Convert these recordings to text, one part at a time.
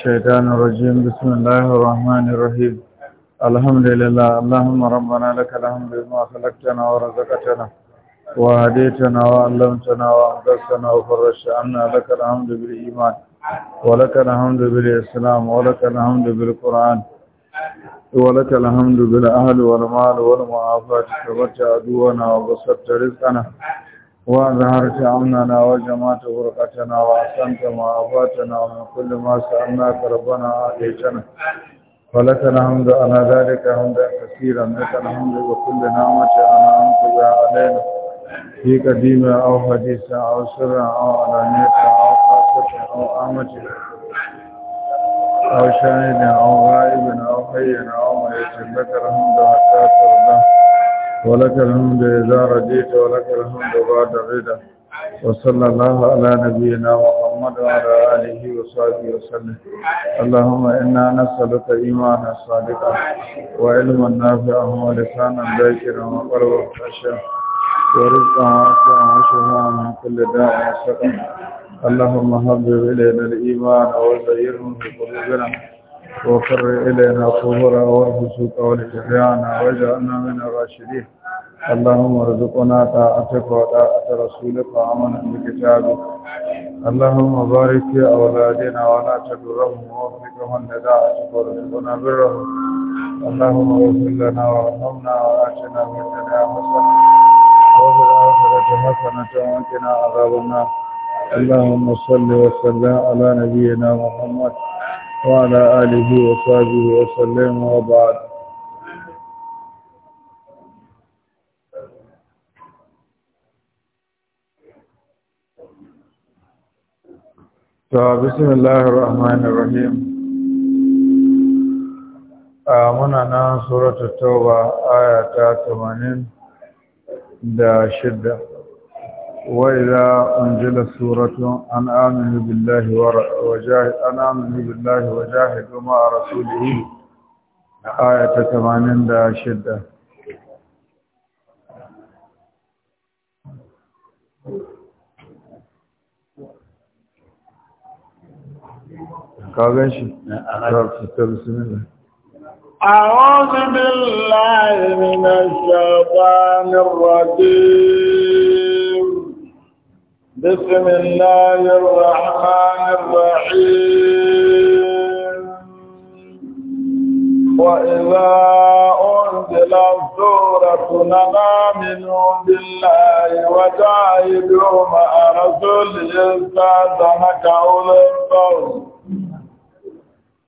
الشيطان الرجيم بسم الله الرحمن الرحيم الحمد لله اللهم ربنا لك الحمد بما خلقتنا ورزقتنا وهديتنا وعلمتنا وأنقذتنا وفرجت عنا لك الحمد بالإيمان ولك الحمد بالإسلام ولك الحمد بالقرآن ولك الحمد بالأهل والمال والمعافاة كبرت عدونا وبسطت رزقنا وأظهرت أمننا وجمعت غرقتنا وأحسنت معافاتنا ومن كل ما سألناك ربنا آتيتنا ولك الحمد على ذلك حمدا كثيرا لك الحمد بكل نعمة أنعمت بها علينا في قديمة أو حديثة أو سرة أو علانية أو خاصة أو عامة أو شاهد أو غائب أو حي أو ميت لك الحمد حتى ولك الحمد إذا رجيت ولك الحمد بعد غدا وصلى الله على نبينا محمد وعلى آله وصحبه وسلم اللهم إنا نسألك إيمانا صادقا وعلما نافعا ولسانا ذاكرا وقلبا خاشعا ورزقا واسعا وشفاعا من كل داء وسقم اللهم حبب إلينا الإيمان وزيره في قلوبنا وقر إلينا الكفر والفسوق والعصيان واجعلنا من الراشدين اللهم ارزقنا طاعتك وطاعة رسولك وعملا بكتابك اللهم بارك في أولادنا ولا تدرهم ووفقهم لداعتك ورزقنا برهم اللهم اغفر لنا وارحمنا وآتنا من لدنيا حسنة وفي الآخرة حسنة وقنا عذاب النار اللهم صل وسلم على نبينا محمد وعلى آله وصحبه وسلم وبعد آه، بسم الله الرحمن الرحيم آمنا آه، نا سورة التوبة آيات 80 دا شدة وإذا أنجل سورة أن آمنوا بالله وجاهد أن آمنوا بالله وجاهد وما رسوله آيات 80 دا شدة ka gan أعوذ بالله من الشيطان الرجيم بسم الله الرحمن الرحيم وإذا أنزلت الزورة آمنوا بالله وجاهدوا مع رسوله استاذنك أولي الضوء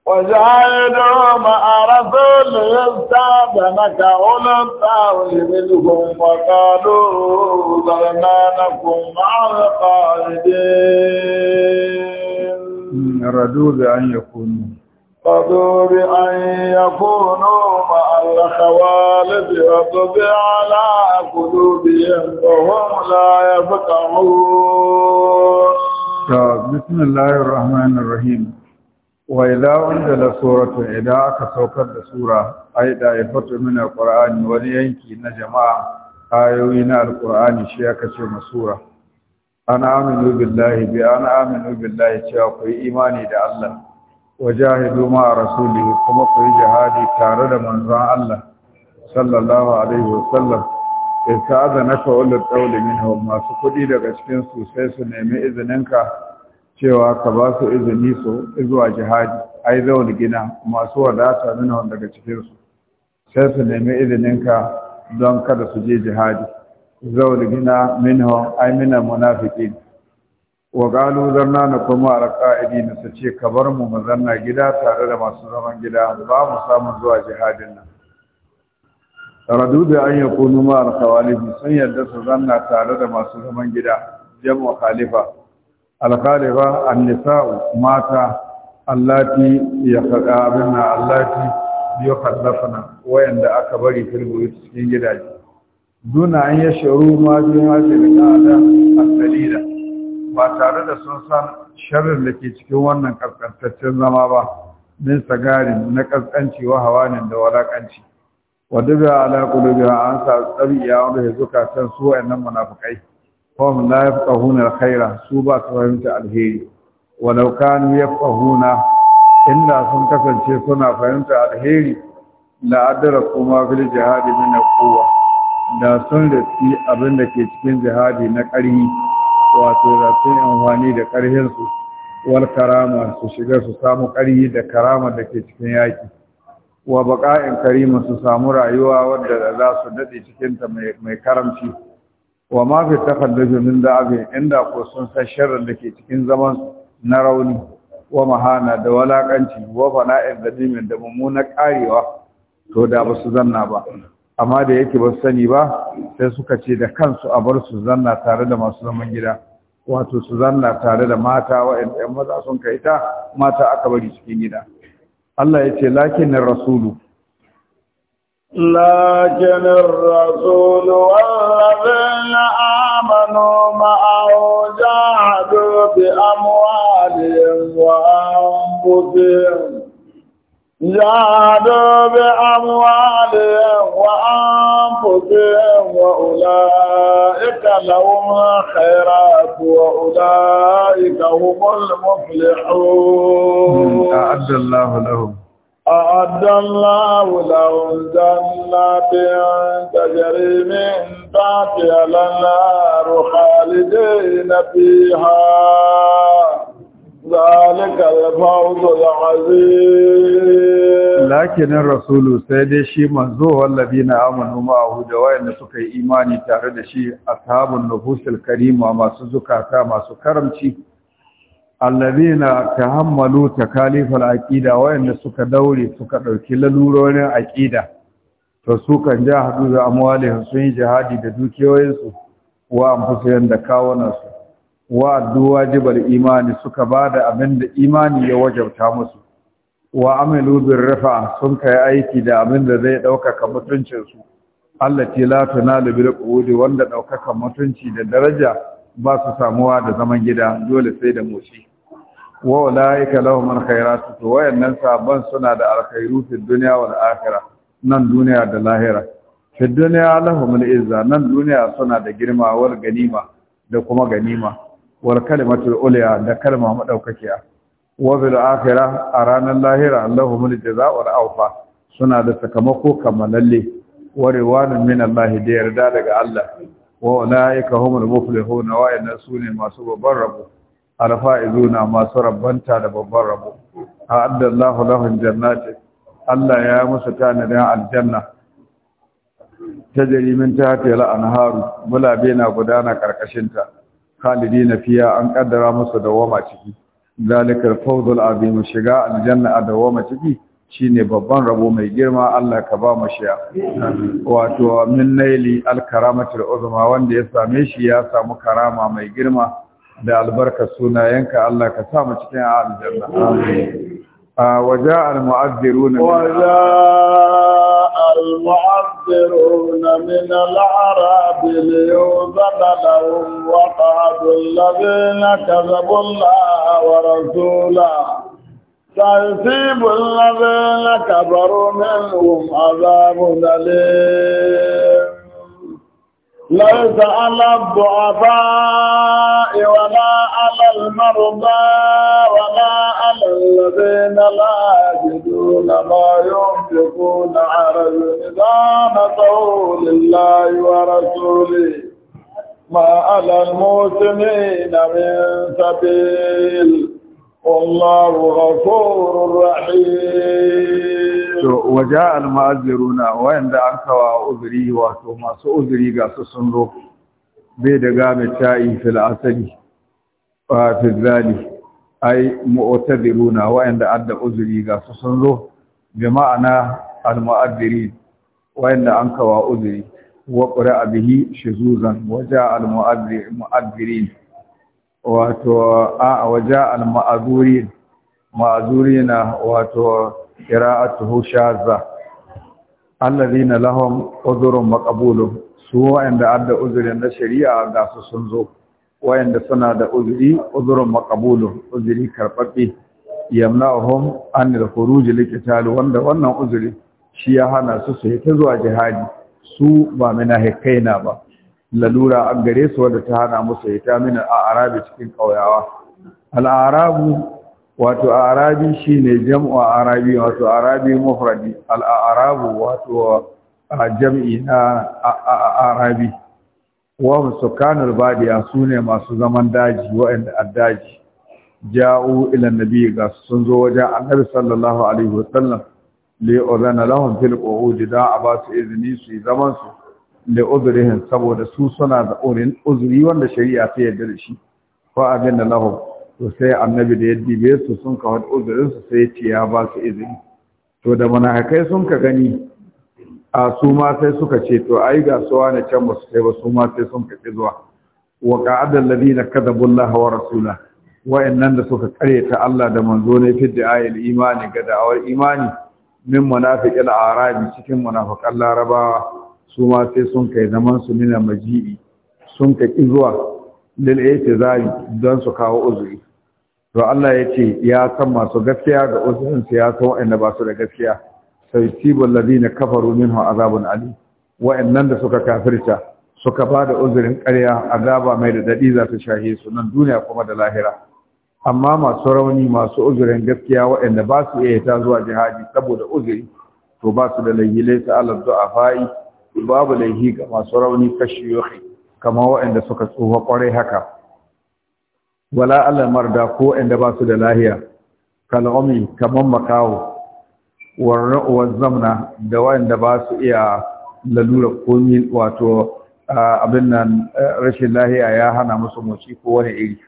وجاهدوا مع رسول يستاذنك أولو الطاول منهم وقالوا ذرنا نكن مع القائدين ردوا بأن يكونوا رضوا بأن يكونوا مع الخوالد وطبع على قلوبهم وهم لا يفقهون طيب، بسم الله الرحمن الرحيم wa idza unzila suratun idan aka saukar da sura ai da ifatu min alqur'ani wani yanki na jama'a ayoyi na alqur'ani shi aka ce ma sura ana aminu billahi bi ana aminu billahi cewa ku yi imani da Allah wajahidu ma rasulihi kuma ku jihadi tare da manzon Allah sallallahu alaihi wasallam sai sa da naka ulul qawli minhum masu kudi daga cikin su sai su nemi izininka cewa ka ba su izini su zuwa jihadi ai zaune gina masu wadata nuna wanda daga cikinsu sai su nemi izininka don kada su je jihadi zaun gina minho, ai mina munafiki wa galu zanna na kuma alqa'idi na su ce ka bar mu mu zanna gida tare da masu zaman gida ba mu samu zuwa jihadin nan radu da an kunu ma sun yarda su zanna tare da masu zaman gida jama'a khalifa alkhalifa annisa'u mata allati yaqabna allati yukhallafna wayanda aka bari filbuyi cikin gidaje duna an yashuru ma dun hadin kada asalida ba tare da sun san sharrin da ke cikin wannan karkantaccen zama ba min sagarin na kaskanci wa hawanin da walakanci wadda ala a an sa ya wanda can su wayannan munafikai fahim la yafqahuna alkhaira su ba su fahimta alheri walau kanu yafqahuna inda sun kasance suna fahimta alheri la kuma fil jihadi min quwwa da sun rafi abin da ke cikin jihadi na ƙarhi wato da sun amfani da ƙarhinsu wal karama su shiga su samu ƙarhi da karama da ke cikin yaƙi wa baƙa'in karima su samu rayuwa wadda za su daɗe cikinta mai karamci wa ma fi takhallufi min da'abi inda ko sun san sharrin da ke cikin zaman na rauni wa mahana da walakanci wa fana'in da dimin da mummunar karewa to da ba su zanna ba amma da yake ba su sani ba sai suka ce da kansu a bar su zanna tare da masu zaman gida wato su zanna tare da mata wa yan maza sun kai ta mata aka bari cikin gida Allah ya ce lakinin rasulu لكن الرسول والذين آمنوا معه جاهدوا بأموالهم وأنفسهم جاهدوا بأموالهم وأنفسهم وأولئك لهم الخيرات وأولئك هم المفلحون أعد الله لهم A'adan labu da wanzan lafiyar ta jari min tafiya lallabu, khalidai na fi ha Saliku ya sauka ta mazi. Lakinin Rasuluhu, sai dai shi ma zo wallafi na amanu ma a hujjawa yadda suka yi imani tare da shi a sahabar Nuhusus Karima masu zukata masu karamci. allazina tahammalu kalifar aƙida wayanda suka daure suka ɗauki lalurorin aƙida. to su kan ja hadu da sun yi jihadi da dukiyoyinsu wa anfusuhum da kawunansu wa addu wajibar imani suka ba bada da imani ya wajabta musu wa amilu bin rafa sun kai aiki da abin da zai ɗaukaka mutuncin su ce la tunalu bil qudi wanda ɗaukaka mutunci da daraja ba su samuwa da zaman gida dole sai da moshi wa ulaika lahum su to wayannan sabon suna da alkhairu fi dunya wal akhirah nan duniya da lahira fi dunya lahum izza nan duniya suna da girma wal ganima da kuma ganima wal kalimatu ulya da kalma madaukakiya wa bil akhirah a ranar lahira lahum jaza wal awfa suna da sakamako kamalalle wa riwanun min Allah da yarda daga Allah wa ulaika humul muflihun wa inna ne masu babban rabo alfa'izuna masu rabbanta da babban rabo a addallahu lahun jannati Allah ya musu tanadin aljanna ta jarimin ta hafi la'anharu Mulabe na gudana karkashinta khalidi na fiya an kaddara musu woma ciki zalikar fawzul azim shiga aljanna a da dawama ciki shine babban rabo mai girma Allah ka ba mu shiya wato min naili alkaramatul uzma wanda ya same shi ya samu karama mai girma da albarkar sunayenka Allah ka sa mu cikin aljanna amin وجاء المعذرون وجاء المعذرون من العرب ليوزن لهم وقعد الذين كذبوا الله ورسوله سيصيب الذين كبروا منهم عذاب أليم ليس على الضعفاء ولا على المرضى ولا على الذين لا يجدون ما ينفقون عرج إذا نصروا لله ورسوله ما على المسلمين من سبيل والله غفور رحيم to waja almu'azziruna wayanda an kawa uzuri wato masu uzuri ga su sun zo bai da game ta'i fil asali fa fil ma'ana almu'azzirin wayanda an kawa uzuri wa wato a waje al-ma'azuri ma'azuri na wato qira'atuhu shazza alladhina lahum uzurin maqbulun su wa'anda adda uzurin na shari'a ga su sun zo wa'anda suna da uzuri uzurin maqbulun uzuri karbabbe yamna'uhum an al-khuruj liqital wanda wannan uzuri shi ya hana su su yi ta zuwa jihadi su ba mina na ba lalura a gare su wanda ta hana musu hita a arabi cikin ƙauyawa al'arabu wato arabi shine jam'u arabi wato arabi mufradi al'arabu wato jam'i na arabi wa sukanul badiya sune masu zaman daji wa'anda addaji ja'u ila nabi ga sun zo wajen annabi sallallahu alaihi wasallam li uzana lahum fil qu'ud da abasu izni su zaman su da uzurihin saboda su suna da uzuri wanda shari'a ta yarda da shi ko abin da lahu to sai annabi da yaddi bai su sun ka wani uzurin su sai ce ya ba su izini to da munafikai sun ka gani a su ma sai suka ce to ai ga su wani can ba su kai ba su ma sai sun ka zuwa wa qa'ada alladhina bulla Allah wa rasulahu nan da suka karyata Allah da manzo ne fi ayil imani ga da'awar imani min munafiqil arabi cikin munafiqan larabawa su ma sai sun kai zaman su nuna maji'i sun ka ƙi zuwa lil i'tizari don su kawo uzuri to Allah ya ce ya san masu gaskiya ga uzurin su ya san wa'anda ba su da gaskiya sai tibul ladina kafaru minhu azabun ali wa'annan da suka kafirta suka ba da uzurin ƙarya azaba mai da daɗi za ta shahe su nan duniya kuma da lahira amma masu rauni masu uzurin gaskiya wa'anda ba su iya ta zuwa jihadi saboda uzuri to ba su da layyilai ta zuwa du'afai babu laihi ga masu rauni kashi yohi kamar wa'anda suka tsufa kwarai haka wala Allah marda ko inda ba su da lahiya kal'umi kamar makawo warra'uwar zamna da wa'anda ba su iya lalura komi wato abin nan rashin lahiya ya hana musu moci ko wani iri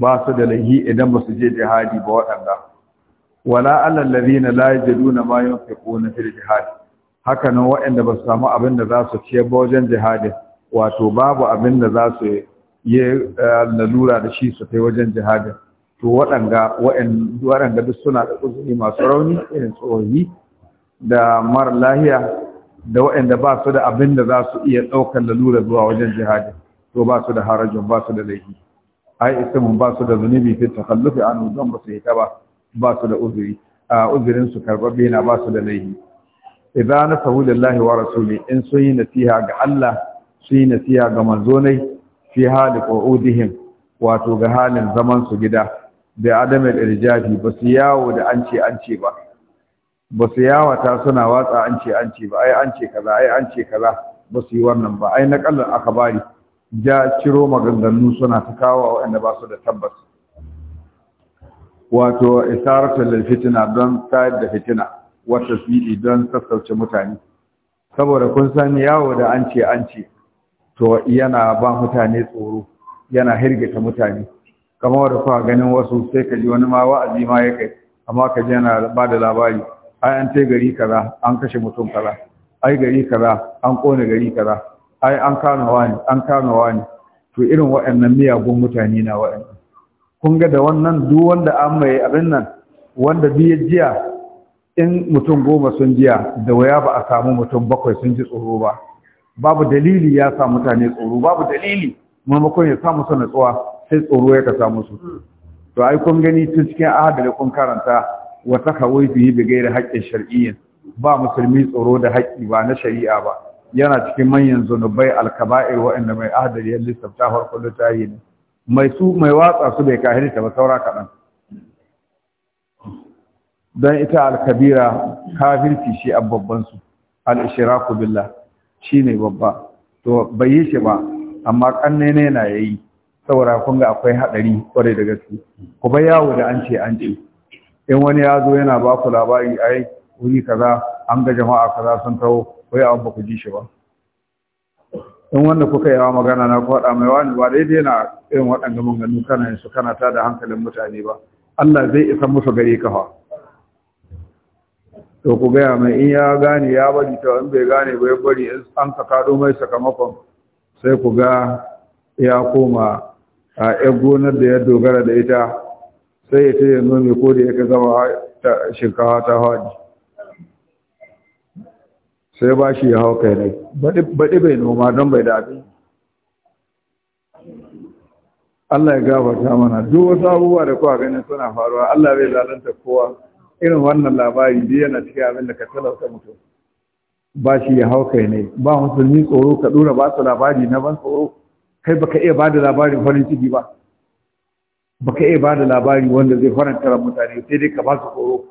ba su da lahi idan ba su je jihadi ba waɗanda wala Allah lalina la mayan ma yunfiquna da jihadi haka nan waɗanda ba su samu abin da za su ciyar ba wajen jihadin wato babu abin da za su yi eh, lalura da shi su kai wajen jihadin to waɗanga waɗanda duk suna da uzuri masu rauni irin tsohi da mara lahiya da waɗanda ba su da abin da za su iya ɗaukar lalura zuwa wajen jihadin to ba su da harajin ba su da laifi ai mun ba su da zunubi fi takallufi an don ba su yi ta ba ba su da uzuri a ah, uzurin su karɓaɓɓe na ba su da laifi idza nasahu lillahi wa rasuli in sun yi nasiha ga Allah sun yi nasiha ga manzonai fi hali qu'udihim wato ga halin zaman su gida da adam al-irjafi ba su yawo da an ce ba ba su yawata suna watsa an ce an ba ai an ce kaza ai an ce kaza ba su yi wannan ba ai nakallan akabari ja ciro maganganu suna ta kawo waɗanda ba su da tabbas wato isaratul fitna don tayar da fitina Wata fili don sassauce mutane saboda kun san yawo da an ce an ce to yana ba mutane tsoro yana hirgita mutane kamar da kuka ganin wasu sai ka ji wani ma wa'azi ma ya kai amma ka ji yana ba da labari ai an tai gari kaza an kashe mutum kaza ai gari kaza an kone gari kaza ai an kano wani an kano wani to irin waɗannan miyagun mutane na wa'annan kun ga da wannan duk wanda an mai abin nan wanda biya jiya in mutum goma sun jiya da waya ba a samu mutum bakwai sun ji tsoro ba babu dalili ya sa mutane tsoro babu dalili maimakon ya samu sana natsuwa sai tsoro ya ka samu su hmm. to ai kun gani tun cikin ahadari kun karanta wa kawai bihi bi gairi haƙƙin shar'iyyin ba musulmi tsoro da haƙƙi ba na shari'a ba yana cikin manyan zunubai alkaba'ir waɗanda mai ahadari ya lissafta farkon littafi ne mai su mai watsa su bai kahirta ba saura kaɗan don ita alkabira kafirci shi abubbansu al'ishiraku billah shi ne babba to bai yi shi ba amma kanne ne na yayi saboda kun ga akwai haɗari kwarai da gaske ku bai yawo da an ce an ce in wani ya zo yana ba ku labari ai wuri kaza an ga jama'a kaza sun taho wai abin ba ku ji shi ba in wanda kuka yawa magana na kwaɗa mai wani ba daidai na irin waɗanda mun ganu kana su kana ta da hankalin mutane ba Allah zai isa musu gare ka fa to ku gaya mai in ya gane ya bari to in bai gane bai bari an ka mai sakamakon sai ku ga ya koma a yan gonar da ya dogara da ita sai ya taya nomi ko da yake zama shinkawa ta haɗi sai ba shi ya hau kai ne baɗi bai noma don bai daɗi Allah ya gafarta mana duk wasu abubuwa da kowa ganin suna faruwa Allah bai lalanta kowa irin wannan labari biyu yana cikin abin da ka talauta mutum ba shi ya hau kai ne ba musulmi tsoro ka ɗora ba su labari na ban tsoro kai baka iya ba da labarin farin ciki ba baka iya ba da labari wanda zai faranta mutane sai dai ka ba su tsoro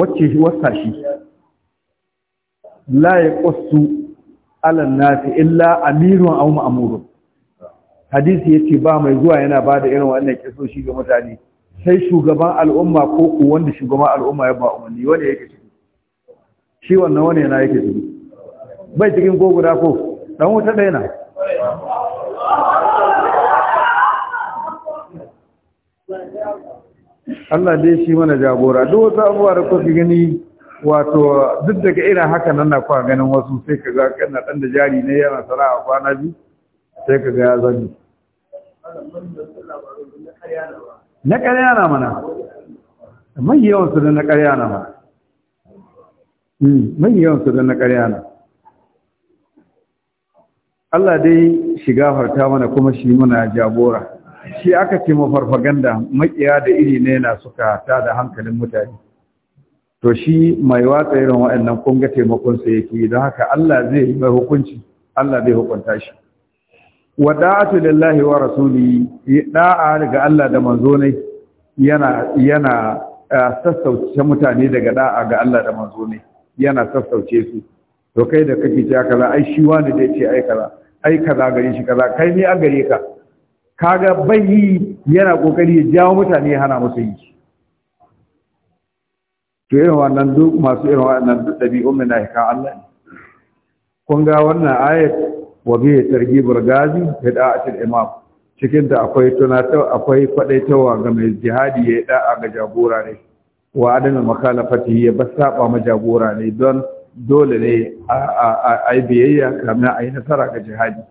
wacce wasa shi la ya ƙwasu alan nasi illa amirun au ma'amurun hadisi yace ba mai zuwa yana ba da irin wannan kisoshi ga mutane sai shugaban al'umma ko ku wanda shugaban al'umma ya ba umarni wanda yake ciki shi wannan wani yana yake ciki bai cikin ko guda ko dan wuta ɗaya na Allah dai shi mana jagora duk wasu abubuwa da kuka gani wato duk daga irin haka nan na kwa ganin wasu sai ka ga kana dan da jari ne yana a kwana biyu sai ka ga ya zani na ƙarya na mana mai yawan su da na ƙarya na mana hmm, mai yawan su da na ƙarya na Allah dai shiga farta mana kuma shi muna jagora shi aka ce ma farfaganda makiya da iri ne na suka ta da hankalin mutane to shi mai watsa irin waɗannan kunga taimakonsa yake don haka Allah zai yi mai hukunci Allah zai hukunta shi wa da'atu lillahi wa rasulihi da'a daga Allah da manzo ne yana yana sassauce mutane daga da'a ga Allah da manzo ne yana sassauce su to kai da kake ji kaza ai shi wani da ce ai kaza ai kaza gare shi kaza kai ne a gare ka kaga bai yi yana kokari ya jawo mutane hana musu yi to irin wannan duk masu irin wannan dabi'un mai na hikan Allah kun ga wannan ayat wa bi targhibul ghazi bi da'atil imam cikin ta akwai tunata akwai kwadaitawa ga mai jihadi ya da'a ga jagora ne wa adam makalafati ya basaba ma jagora ne don dole ne a yi biyayya kamar a yi nasara ga jihadi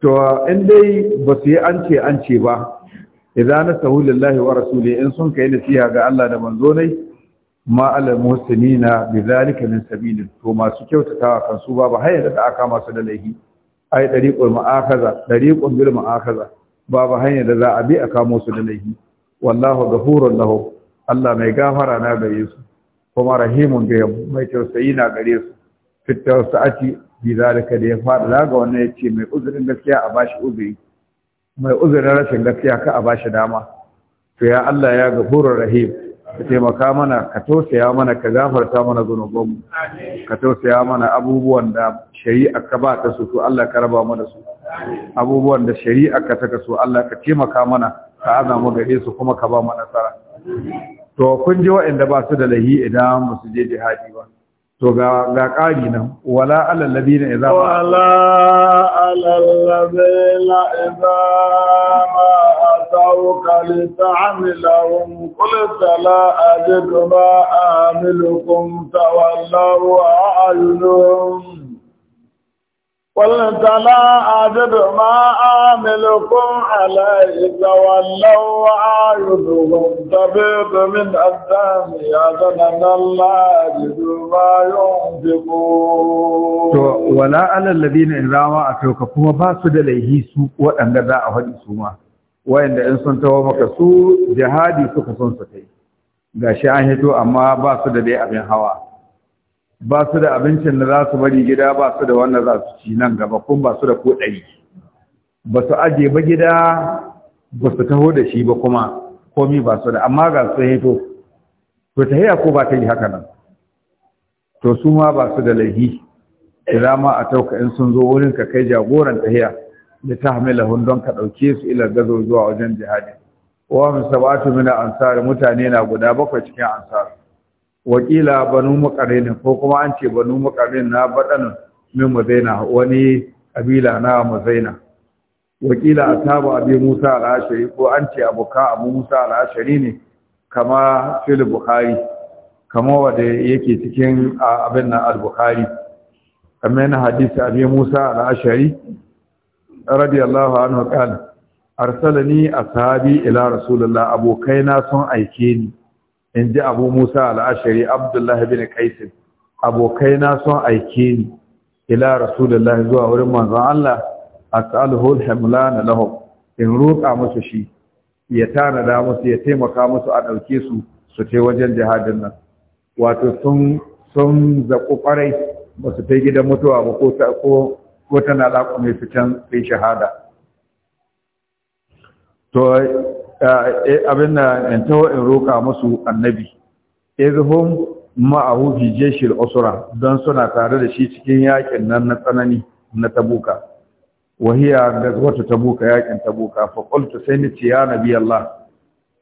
to in dai ba su yi an ce an ce ba idan nasahu lillahi wa rasuli in sun kai nasiha ga Allah da manzo ne ma alal na bi zalika min sabilin to masu kyautatawa kan su babu hanyar da aka masu da laifi ai dariqul ma'akaza dariqul bil ma'akaza babu hanyar da za a bi a kamo su da laifi wallahu ghafurun lahu Allah mai gafara na gare su kuma rahimun ga mai tausayi na gare su fit tausati bi zalika da ya fada ga wannan yace mai uzurin gaskiya a bashi uzuri mai uzurin rashin gaskiya ka a bashi dama to ya Allah ya ghafurur rahim ka taimaka mana ka tausaya mana ka gafarta mana zunubanmu ka tausaya mana abubuwan da shari'a ka ba ta su to Allah ka raba mana su abubuwan da shari'a ka taka so Allah ka taimaka mana ka azama mu gare su kuma ka ba mana nasara to kun ji waɗanda ba su da lahi idan musu je jihadi ba to ga ga ƙari nan wala alal ladina idza wala alal ladina idza ma atawka li ta'amilahum qult la ajidu ma amilukum tawallaw wa ayunum قل تلا ما آملكم عليه تولوا وأعينهم تبيض من الدم يدنا الله يجدوا ما ينفقون ولا على الذين إن راوا أتوك كما باسو ليه سوء وأن لا أهدي سوما وإن إنسان توامك سوء جهادي سوء سنسكي gashi an hito amma ba su da dai abin hawa ba su da abincin da za su bari gida ba su da wanda za su ci nan gaba kun ba su da ko ba su aje ba gida ba su taho da shi ba kuma komi ba su da amma ga su hito to ta haya ko ba ta yi haka nan to su ma ba su da lahi ila ma a tauka in sun zo wurin ka kai jagoran ta haya da ta hamila don ka ɗauke su ila gazo zuwa wajen jihadi wa min sabatu min ansar mutane na guda bakwai cikin ansar wakila banu muqarrin ko kuma an ce banu muqarrin na baɗan min mazaina wani kabila na mazaina wakila ashabu abi musa al-ashari ko an ce abuka abu musa al-ashari ne kama fil bukhari kama wanda yake cikin abin nan al-bukhari kamar na hadisi abi musa al-ashari radiyallahu anhu qala arsalani ashabi ila rasulillah abokaina sun aike ni in ji abu musa al'ashari abdullahi bin kaisin abokai na sun aike ni ila rasulullahi zuwa wurin manzon Allah as'aluhu hamla hamlan lahum in roƙa musu shi ya tanada musu ya taimaka musu a ɗauke su su ce wajen jihadin nan wato sun zaƙo ƙwarai ba su ta gidan mutuwa ba ko ta tana laƙo mai fitan sai shahada Eh, eh, abin da in in roƙa musu annabi izhum ma'ahu fi al usra don suna tare da shi cikin yakin nan na tsanani na tabuka hiya gazwatu tabuka yakin tabuka fa qultu sai ni ce ya nabi allah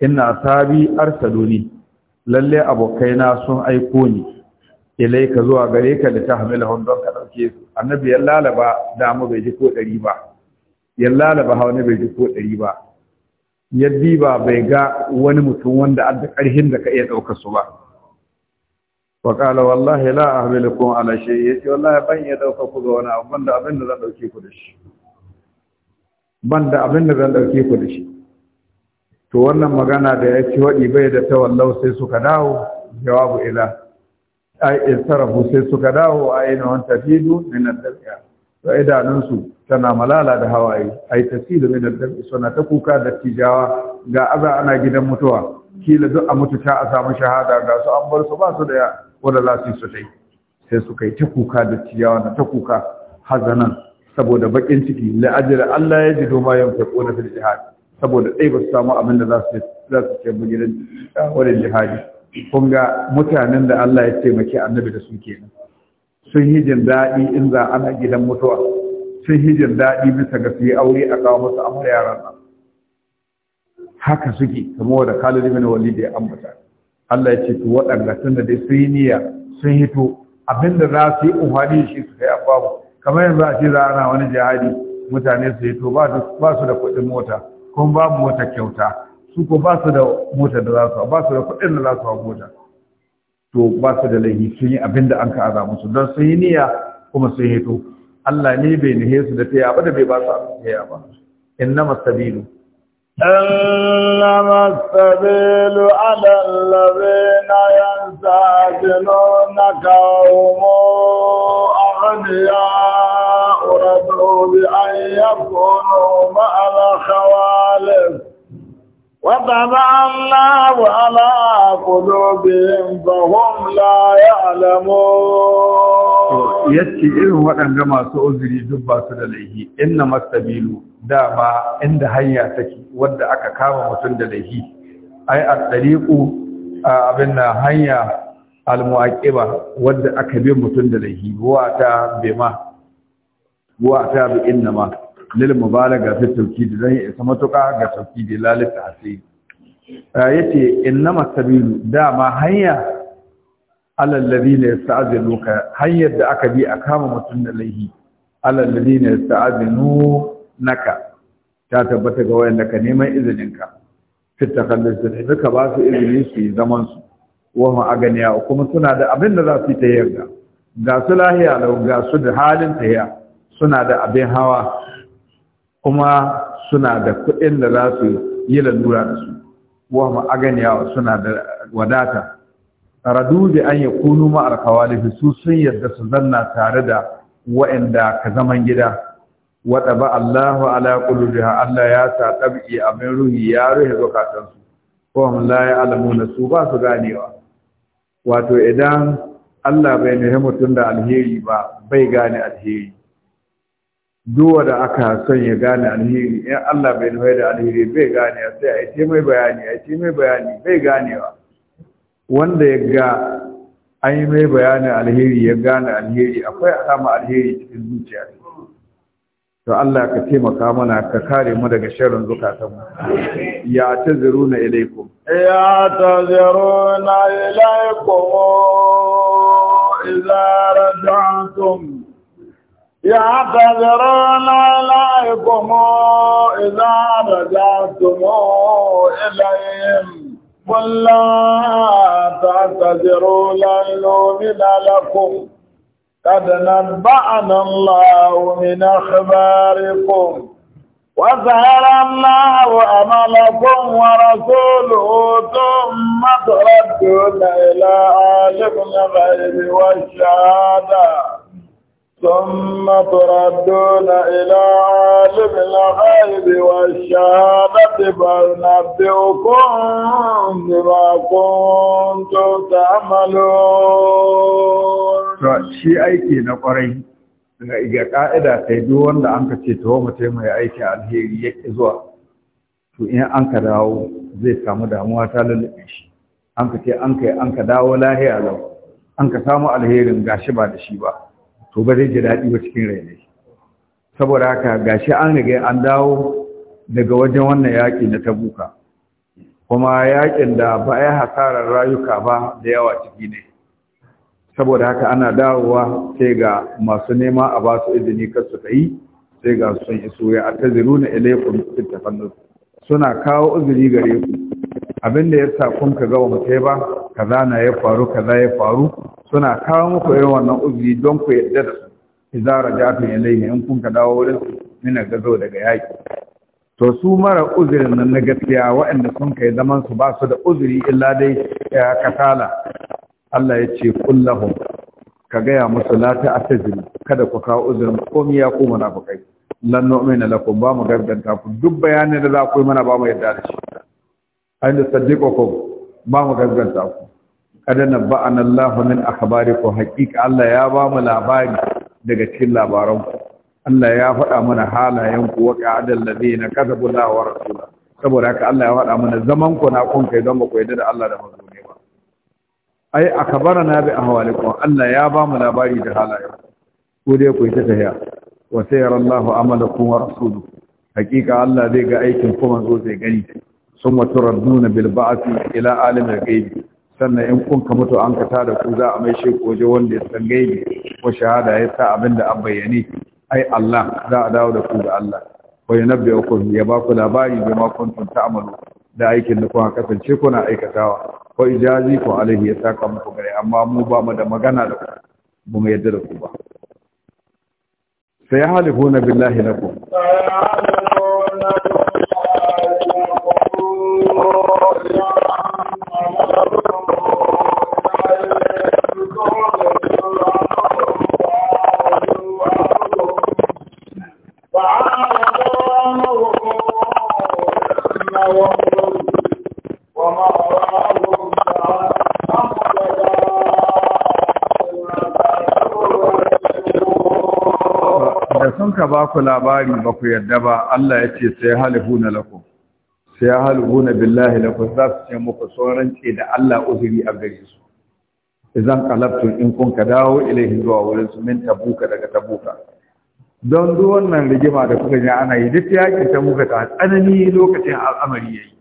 inna asabi arsaluni lalle abokaina sun aiko ni ilaika zuwa gare ka da tahmilahum don ka dauke su annabi ya lalaba da mu bai ji ko dari ba ya lalaba hawa ne bai ji ko dari ba Yaddi ba bai ga wani mutum wanda adda ƙarhin da ka iya ɗaukar su ba wa ƙala wallahi la ahmilukum ala Ya ce wallahi ban iya ɗaukar ku ga wani abin da abin da zan ɗauke ku da shi da abin da zan ɗauke ku da shi to wannan magana da ya ci waɗi bai da tawallau sai suka dawo jawabu ila ai in sarafu sai suka dawo a ina wanta fidu ne na dunya to idanunsu tana malala da hawaye ai tasilu da al-dam suna ta kuka da tijawa ga aza ana gidan mutuwa kila duk a mutu ta a samu shahada ga su an bar su ba su da wanda za su yi su sai su kai ta kuka da tijawa na ta kuka hazanan saboda bakin ciki la ajra Allah ya jido ma yanfiquna fil jihad saboda dai ba su samu abin da za su za su ce bugirin wurin jihadi kun ga mutanen da Allah ya taimaki annabi da su kenan sun yi jin daɗi in za ana gidan mutuwa sun hijir daɗi bisa ga su yi aure a kawo masu amma yaran nan haka suke kamar da Khalid ibn da ya ambata Allah ya ce to waɗanda tun da dai sun yi niyya sun hito abinda za su yi umarni shi su kai babu. kamar yanzu a ce za ana wani jihadi mutane su hito ba su da kuɗin mota kuma babu mota kyauta su ko ba su da mota da za su ba su da kuɗin da za su hau mota to ba su da laifi sun yi abinda an ka musu don sun yi niyya kuma sun hito Allah ni bai nihe su da taya ba da bai ba su taya ba innama sabilu innama sabilu ala allazina yanzajuna qawmu aghniya uradu bi ayyakunu ma'a khawalif وطبع الله على قلوبهم فهم لا يعلمون yace irin waɗanda masu uzuri duk ba su da laihi inna masabilu dama inda hanya take wadda aka kama mutum da laihi ai at a abin na hanya almu'aƙiba muaqiba aka bi mutum da laihi wa ta bima wa ma lil mubalaga fi tawkid dan isa matuka ga tawkid lalit asiri ah, yace innama sabilu dama hanya alal ladina yasta'zinuka hanyar da aka bi a kama mutum da laihi alal ladina yasta'zinu naka ta tabbata ga wayanda ka neman izinin ka fit takallus da ka ba su izini su yi zaman su wa aganiya kuma suna da abin da za su yi ta yarda ga su lahiya lau ga su da halin ta suna da abin hawa kuma suna da kuɗin da za su yi lalura da su wa ma'aganiya suna da wadata radu da an yi kunu ma'ar kawalifi su sun yadda su zanna tare da wa'anda ka zaman gida wata ba Allahu ala qulubiha Allah ya sa tabi'i abin ruhi ya ruhe zakatansu ko hum la na su ba su ganewa wato idan Allah bai nuhi mutum da alheri ba bai gane alheri duwa da aka son ya gane alheri in Allah bai nuhai da alheri bai gane sai a ce mai bayani a ce mai bayani bai ganewa wanda ya ga an yi mai bayanin alheri ya gane alheri akwai alama alheri cikin zuciya to Allah ka taimaka mana ka kare mu daga sharrin mu. ya taziruna ilaikum ya taziruna ilaikum idza raja'tum يعتذرون عليكم إذا رجعتم إليهم قل لا تعتذروا لن نؤمن لكم قد نبأنا الله من أخباركم وظهر الله أملكم ورسوله ثم تردون إلى عالم الغيب والشهادة ثم تردون إلى عالم الغيب والشهادة فينبئكم بما كنتم تعملون. shi aiki na daga iga ƙa'ida sai duk wanda an ka ce ta wa mutum mai aiki alheri yake zuwa to in an ka dawo zai samu damuwa ta lullube shi an ka ce an ka dawo lahiya lau an ka samu alherin gashi ba da shi ba to ba zai ji daɗi ba cikin rai ne saboda haka gashi an riga an dawo daga wajen wannan yaƙi na tabuka kuma yaƙin da ba ya hasarar rayuka ba da yawa ciki ne saboda haka ana dawowa sai ga masu nema a ba su izini kar su ta yi sai ga sun iso ya ataziru na ilaikum fitafannus suna kawo uzuri gare ku Abin da ya sa kun ka ga mu kai ba kaza na ya faru kaza ya faru suna kawo muku irin wannan uzuri don ku yadda da su idza ya laifi in kun ka dawo wurin nuna gazo daga yaki to su mara uzurin nan na gaskiya waɗanda sun kai zaman su ba su da uzuri illa dai ya kasala. Allah ya ce kullahu ka gaya musu la ta'tazilu kada ku kawo uzurin komiya ko munafikai lan nu'mina lakum ba mu gaskanta ku duk bayanin da za ku yi mana ba mu yadda da shi ayin da ba mu gaskanta ku kada na ba'an Allah min akhbarikum haƙiƙa Allah ya ba mu labari daga cikin labaran ku Allah ya faɗa mana halayen ku wa qa'adal ladina kadhabu la wa rasula saboda haka Allah ya faɗa mana zaman ku na kun kai don ba ku yarda da Allah da manzo ne ba ai akhbarana bi ahwalikum Allah ya ba mu labari da halayen ku dai ku yi ta tahiya wa sayyara Allah amalakum wa rasuluhu haqiqa Allah zai ga aikin ku manzo zai gani sun wa turadduna bil ba'thi ila alimil ghaibi sannan in kun ka mutu an ka da ku za a mai shi koje wanda ya san gaibi ko shahada ya sa abin da an bayyane ai Allah za a dawo da ku ga Allah wa yunabbi'ukum ya ba ku labari bima kuntum ta'malu da aikin da kuka kasance kuna aikatawa ko ijazi ko alahi ya saka muku gare amma mu ba mu da magana da ku ba mu yadda da ku ba sai halifuna billahi lakum billahi lakum Ka da ba ku labari ba ku yarda ba Allah ya ce sai halifu na lako sai halguna billahi la kun za su ce muku sauran ce da Allah uzuri a gare su idan qalabtum in kun ka dawo ilaihi zuwa wurin su min tabuka daga tabuka don duk wannan rigima da kuka ji ana yi duk yaki ta muka ta tsanani lokacin al'amari yayi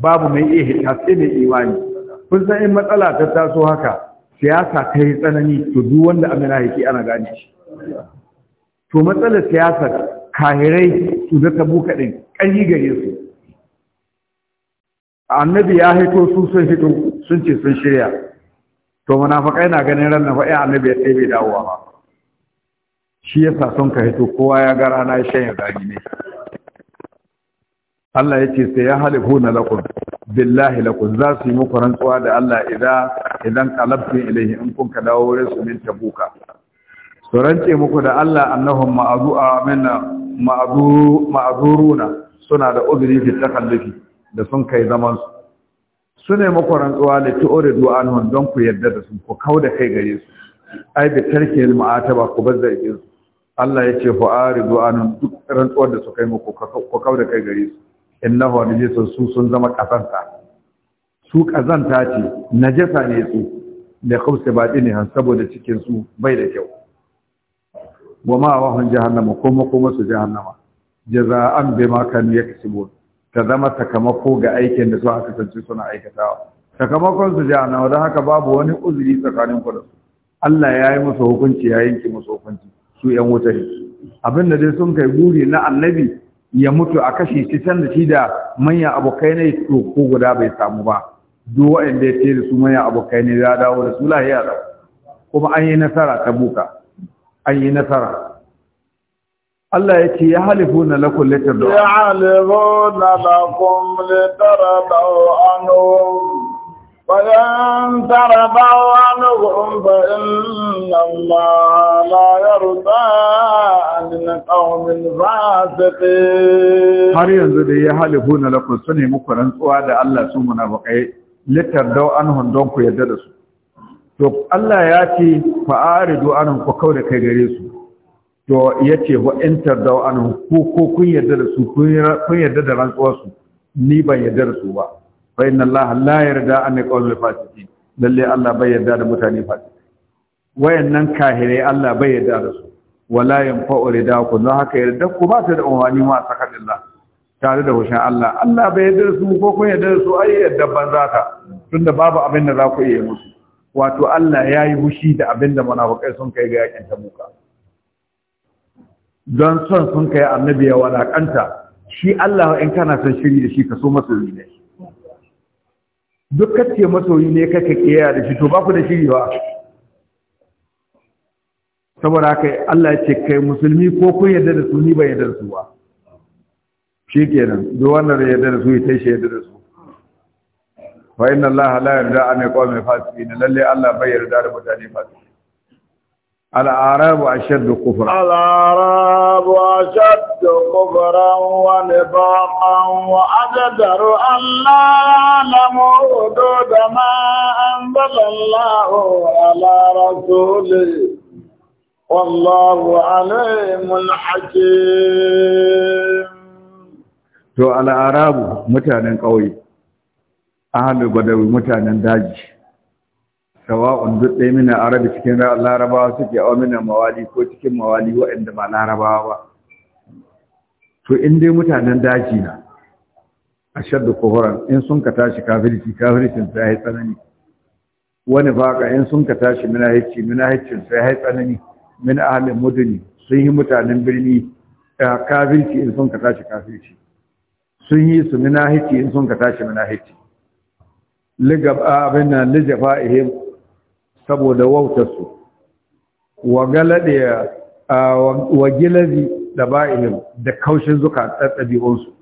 babu mai iya hita sai da imani kun san in matsala ta taso haka siyasa ta yi tsanani to duk wanda amina yake ana gane shi to matsalar siyasar kahirai su da tabuka din ƙarfi gare su annabi ya hito su sun hito sun ce sun shirya to munafakai na ganin ran na fa eh annabi ya tsaye bai dawowa ba shi yasa sun ka hito kowa ya ga rana shan zagi ne Allah ya ce sai ya halifu na lakun billahi lakun za su yi muku rantsuwa da Allah idan kalabtu ilaihi in kun ka dawo wurin su min tabuka su rance muku da Allah annahum ma'azuruna suna da uzuri fi takallufi da sun kai zaman su su ne muku rantsuwa da tu'ori don ku yadda da su ku kau da kai gare su ai da ma'ata ma'ataba ku bar zargin su Allah ya ce ku ari du'anun duk rantsuwar da su kai muku ku kau da kai gare su innahu najisun su sun zama kasanta su kazanta ce na najasa ne su da ɗi ne han saboda cikin su bai da kyau wa ma wahun jahannama kuma kuma su jahannama jaza'an bima kan yaksubun ta zama sakamako ga aikin da su aka kasance suna aikatawa sakamakon su ja na wadda haka babu wani uzuri tsakanin ku da su Allah ya yi musu hukunci ya yanke musu hukunci su yan wuta ne abin da dai sun kai buri na annabi ya mutu a kashi shi can da shi da manyan abokai ne to ko guda bai samu ba duk waɗanda ya ce da su manyan abokai ne ya dawo da su lahiya kuma an yi nasara ta buka an yi nasara Allah ya ce ya halifu na lakon litar da ya halifu na lakon litar da anu bayan taraba wani gumfa inna ma la yarda an ƙaunin fasiqin har yanzu da ya halifu na lakon su ne muku rantsuwa da Allah su munafiqai litar da anhum don ku yarda da su to Allah ya ce fa'aridu anhum ku da kai gare su to ce wa in tardau anhu ko ko kun yarda da su kun yarda da rantsuwarsu su ni ban yarda da su ba fa inna Allah la yarda an qawlul fasiqin lalle Allah bai yarda da mutane fasiki wayannan kahirai Allah bai yarda da su wala yanfa'u ku. don haka yarda ku ba ta da umarni ma sakatillah tare da hushin Allah Allah bai yarda da su ko kun yarda da su ai yarda ban zaka tunda babu abin da za ku iya musu wato Allah ya yi hushi da abin da munafukai sun kai ga yakin tabuka don son sun kai annabi ya wadakanta shi Allah in kana son shiri da shi ka so masoyi ne duk kace masoyi ne kake kiyaya da shi to ba ku da shiri ba saboda haka Allah ya ce kai musulmi ko kun yarda da su ni ban yarda da su ba shikenan duk wannan da yarda da su ita shi yarda da su fa inna Allah la yarda an yaqawmi fasiqin lalle Allah bai yarda da mutane fasiki الأعراب أشد كفرا الأعراب أشد كفرا ونفاقا وأجدر أن لا يعلم حدود ما أنزل الله على رسوله والله عليم حكيم to al'arabu mutanen ƙauye ahalu badawi mutanen daji sawa'un duk ɗaya mina arabi cikin larabawa suke awa mawali ko cikin mawali waɗanda ba larabawa ba to in dai mutanen daji na a shaddu kohoran in sun ka tashi kafirci kafircin sai ya tsanani wani baka in sun ka tashi mina minahicin sai ya tsanani min ahalin muduni sun yi mutanen birni kafirci in sun ka tashi kafirci sun yi su minahici in sun ka tashi minahici ligab abin nan lijafa'ihim saboda wautarsu wa galade wa gilazi da ba'ilin da kaushin zuka ɗabi'unsu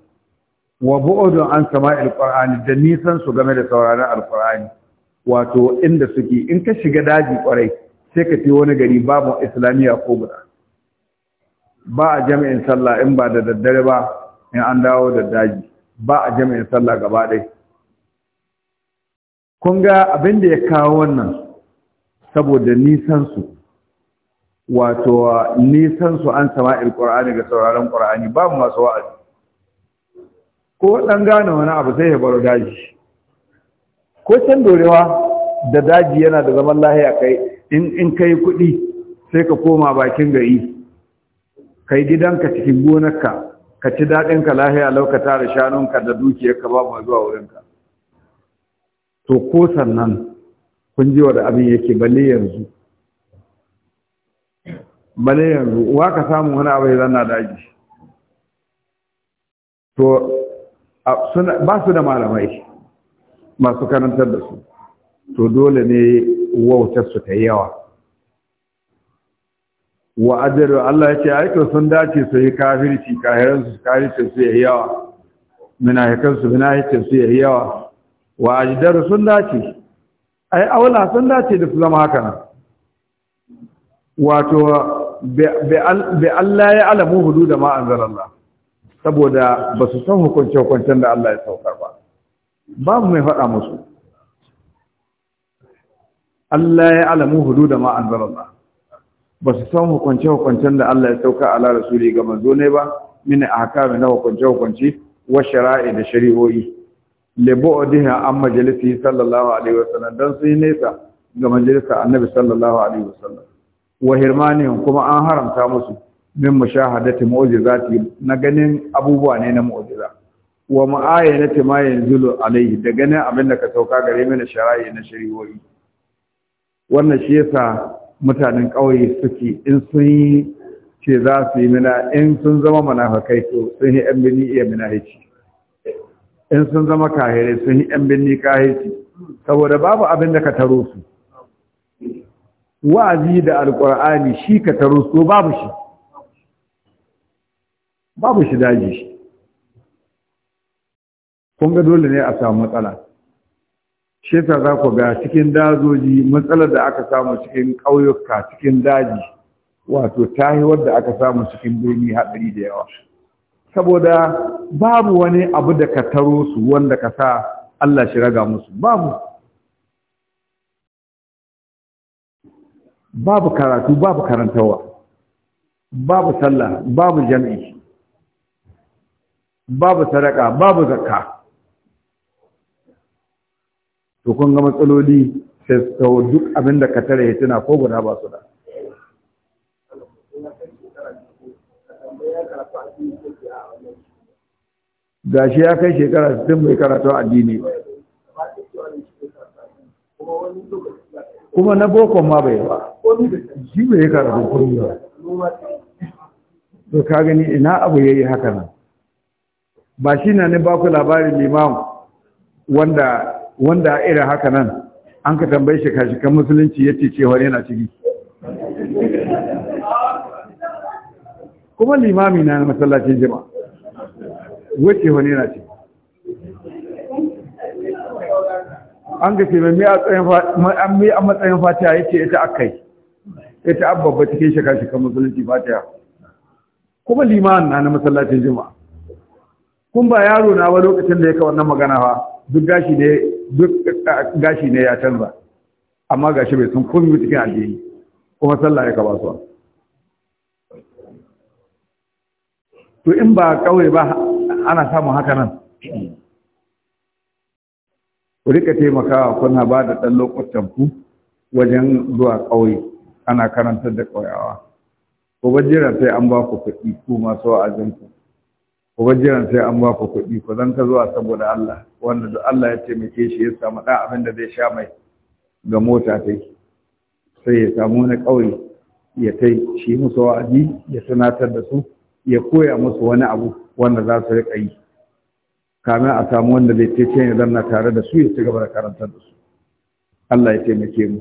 wa bu'udun an sama'il qur'ani da nisan su game da sauraron alqur'ani wato inda suke in ka shiga daji kwarai sai ka fi wani gari babu islamiyya ko guda ba a jami'in sallah in ba da daddare ba in an dawo da daji ba a jami'in sallah gaba ɗaya kun ga abin da ya kawo wannan saboda nisansu wato nisansu an sama'il ƙura'ani ga sauraron ƙura'ani babu masu wa'azi ko ɗan gane wani abu sai ya baro daji ko can dorewa da daji yana da zaman lahiya kai in kai kuɗi sai ka koma bakin gari kai gidanka cikin gonarka ka ci daɗinka lahiya lokata da shanunka da dukiyarka babu zuwa wurinka to ko sannan kun ji wani abin yake balle yanzu balle yanzu uwa ka samu wani abu ya zanna daji to ba su da malamai masu karantar da su to dole ne wautar su ta yawa wa ajaru Allah ya ce aiko sun dace su yi kafirci kahiran su kafirci su yi yawa munafikan su munafikan su yi yawa wa ajaru sun dace ai aula san dace da su zama haka nan wato bi Allah ya alamu da ma anzalallah saboda ba su san hukunci-hukuncin da Allah ya saukar ba babu mai faɗa musu Allah ya alamu da ma anzalallah ba su san hukunci-hukuncin da Allah ya sauka ala rasuli ga manzo ne ba haka ahkami na hukunce hukunci wa shara'i da shari'o'i libu'diha an majalisi sallallahu alaihi wasallam dan sun yi nesa ga majalisa annabi sallallahu alaihi wasallam wa hirmanihim kuma an haramta musu min mushahadati mu'jizati na ganin abubuwa ne na mu'jiza wa ma'ayanati ma yanzulu alaihi da ganin abin da ka sauka gare mana shari'i na shari'o'i wannan shi yasa mutanen ƙauye suke in sun yi ce za su yi mina in sun zama munafakai to sun yi yan bini iya munafici in sun zama kahirai sun yi yan birni kahirci saboda babu abin da ka taro su wa'azi da alkur'ani shi ka taro su babu shi babu shi daji shi kun ga dole ne a samu matsala shi ta za ku ga cikin dazoji matsalar da aka samu cikin ƙauyuka cikin daji wato tahiwar da aka samu cikin birni haɗari da yawa saboda babu wani abu da ka taro su wanda ka sa Allah shi raga musu babu babu karatu babu karantawa babu sallah babu jami'i babu sadaka babu zakka to kun ga matsaloli sai su duk abinda da ka tare ya tuna ko guda ba su da gashi ya kai shekara 60 bai karatu addini ba kuma na boko ma bai ba shi mai karatu kurmi ba to ka gani ina abu yi haka nan ba shi na ne ba ku labarin limamu wanda wanda irin haka nan an ka tambaye shi kashi kan musulunci ya ce cewa yana ciki kuma limami na masallacin jama'a. wace wani na ce an ga mai mai a matsayin fatiha ya ce ita akai ita abubba cikin shekar-shekar musulunci fatiha kuma liman na na masallacin juma'a kun ba yaro na ba lokacin da ya ka wannan magana ba duk gashi ne ya canza amma gashi bai sun yi cikin aljihi kuma sallah ya ka ba su to in ba kawai ba ana samun haka nan ku rika taimakawa kuna ba da ɗan lokacin ku wajen zuwa ƙauye ana karantar da ƙauyawa ku bar jiran sai an ba ku kuɗi ku masu wa'azin ku ku bar jiran sai an ba ku kuɗi ku zan ta zuwa saboda Allah wanda duk Allah ya taimake shi ya samu ɗan abin da zai sha mai ga mota ta sai ya samu wani ƙauye ya yi shi musu wa'azi ya sanatar da su ya koya musu wani abu wanda za su riƙa yi kamar a samu wanda zai ce ya zanna tare da su ya ci gaba da karantar da su Allah ya taimake mu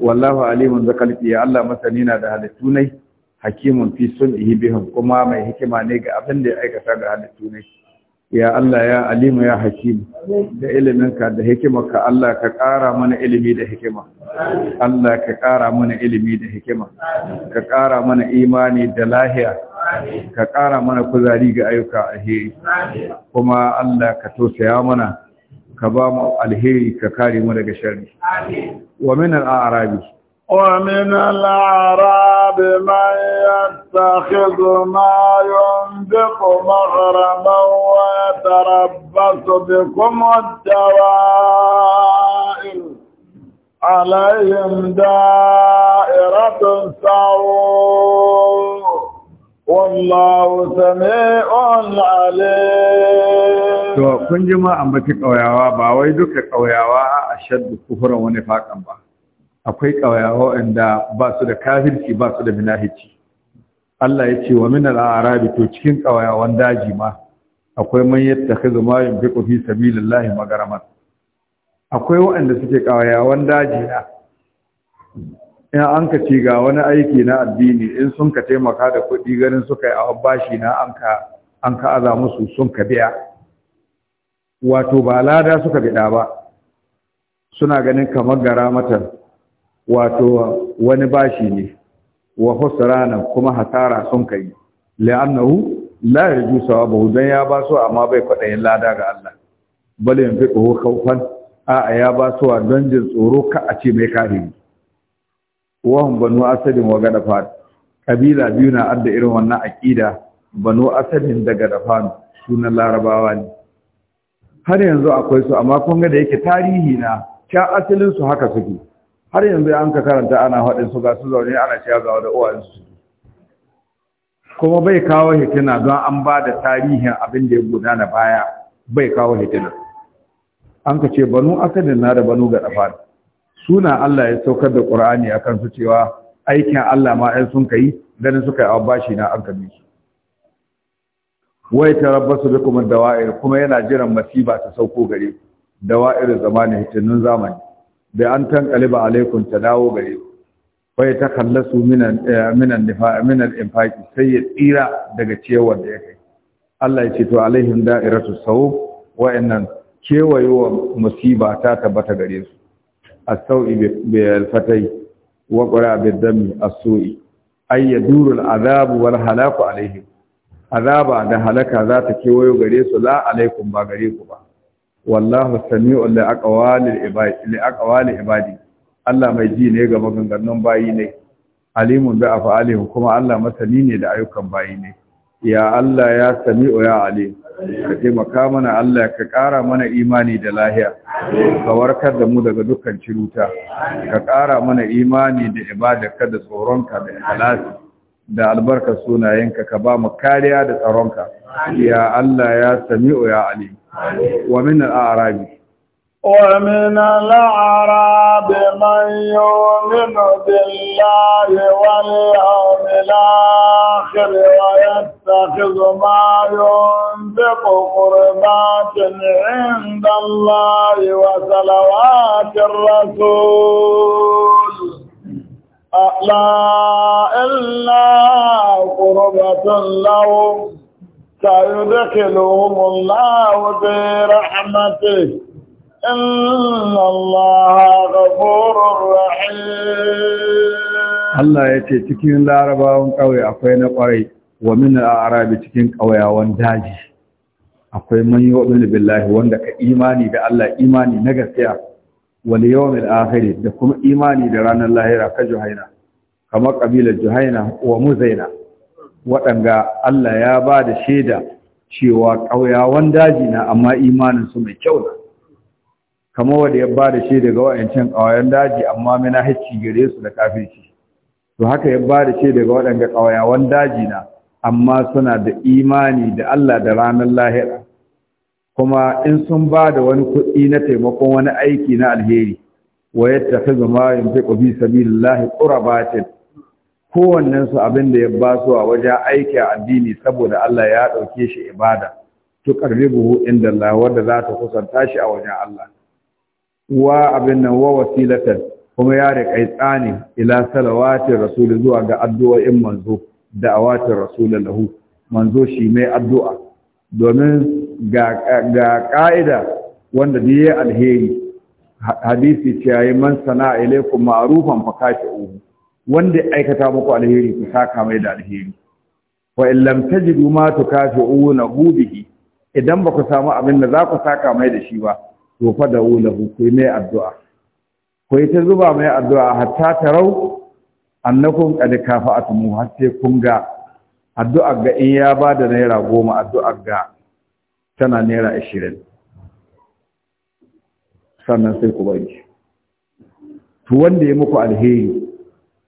wallahu alimun zakalfi ya Allah masani na da halittu ne hakimun fi sulhi bihim kuma mai hikima ne ga abin da ya aikata ga halittu ne ya Allah ya alimu ya hakim da iliminka da hikimarka Allah ka kara mana ilimi da hikima Allah ka kara mana ilimi da hikima ka kara mana imani da lahiya ka ƙara mana kuzari ga ayyuka alheri kuma Allah ka tausaya mana ka ba mu alheri ka kare mu daga sharri wa min al-a'rabi wa min al-a'rabi man yattakhidhu ma yunfiqu maghraman wa yatarabbasu bikum ad-dawa'il عليهم دائرة سوء wallahu sami'un alim to kun ji ma ambaci kauyawa ba wai duka kauyawa a shaddu kufuran wani fakan ba akwai kauyawa inda ba su da kafirci ba su da minahici Allah ya ce wa min al-arabi to cikin kauyawan daji ma akwai man yattakhidhu ma yunfiqu fi sabilillahi magaramat akwai waɗanda suke kauyawan daji na in an ka ce ga wani aiki na addini in sun ka taimaka da kuɗi ganin suka yi a bashi na an ka aza musu sun ka biya wato ba lada suka biɗa ba suna ganin kamar gara matan wato wani bashi ne wa husrana kuma hasara sun kai la'annahu la yarju sawabahu don ya ba su amma bai kwaɗayin lada ga Allah bale yanzu ko kaufan a ya ba su don jin tsoro ka a ce mai kare wahum banu asadin wa gadafan kabila biyu na adda irin wannan aqida banu asadin da gadafan sunan larabawa ne har yanzu akwai su amma kun ga da yake tarihi na ta asalin su haka suke har yanzu an ka karanta ana haɗin su ga su zaune ana cewa ga da uwan su kuma bai kawo hitina don an ba da tarihin abin da ya gudana baya bai kawo hitina an ka ce banu asalin na da banu gadafan suna Allah ya saukar da Qur'ani akan su cewa aikin Allah ma ai sun kai ganin suka yi bashi na an kabi su wai ta kuma dawa'ir kuma yana jiran masiba ta sauko gare ku dawa'ir zamanin hitinun zamani da an tankaliba alaikum ta dawo gare ku wai ta kallasu minan eh, minan nifa minan infaki sai ya tsira daga ciyawar da ya kai Allah ya ce to alaihim da'iratu sawu wa'annan kewayowa masiba ta tabbata gare su as-sau'i bil fatai wa qura bid dami as-su'i ay yaduru al-azab wal halaku alaihim azaba da halaka za ta kewayo gare su la alaikum ba gare ku ba wallahu sami'un li aqwali ibadi ibadi Allah mai ji ne ga ba bayi ne alimun bi af'alihim kuma Allah masani ne da ayyukan bayi ne ya Allah ya sami ya Ali? ka taimaka mana Allah ka ƙara mana imani da lahiya ka warkar da mu daga dukkan ciruta ka ƙara mana imani da ibadarka da tsoronka da halasi da albarka sunayenka ka ba mu kariya da tsaronka ya Allah ya sami'u ya Ali. wa min al-a'rabi ومن الأعراب من يؤمن بالله واليوم الآخر ويتخذ ما ينفق قربات عند الله وصلوات الرسول ألا إلا قربة له سيدخلهم الله برحمته Allah ya ce cikin larabawan ƙauye akwai na ƙwarai wa min arabi cikin ƙauyawan daji akwai manyo yu'minu billahi wanda ka imani da Allah imani na gaskiya wani yawon akhir da kuma imani da ranar lahira ka juhaina kamar kabilar juhaina wa muzaina waɗanga Allah ya ba da shaida cewa ƙauyawan daji na amma imanin su mai kyau na kamar wanda ya bada shi daga wa'ancin ƙawayen daji amma mina hacci gare su da kafirci to haka ya bada shi daga waɗanda ƙawayawan daji na amma suna da imani da Allah da ranar lahira kuma in sun ba da wani kuɗi na taimakon wani aiki na alheri wa yattakhidhu zama yin fi sabilillahi qurbatin kowannen su abin da ya ba su a wajen aiki a addini saboda Allah ya ɗauke shi ibada to buhu inda Allah da za ta kusanta shi a wajen Allah wa abin nan wa wasilatan kuma ya riƙa tsani ila salawatin rasul zuwa ga addu'o'in manzo da awatin rasul lahu manzo shi mai addu'a domin ga ga ka'ida wanda yayi alheri hadisi ce yayi man sana ilaikum ma'rufan fakashu wanda aikata muku alheri ku saka mai da alheri wa in lam tajidu ma na gubihi idan baku samu abin da za ku saka mai da shi ba Tofa da ulahu ku mai addu'a ku ta zuba mai addu'a hatta tarau annakum qad kafa'atumu har sai kun ga addu'a ga in ya ba da naira goma addu'a ga tana naira ashirin sannan sai ku bari to wanda ya muku alheri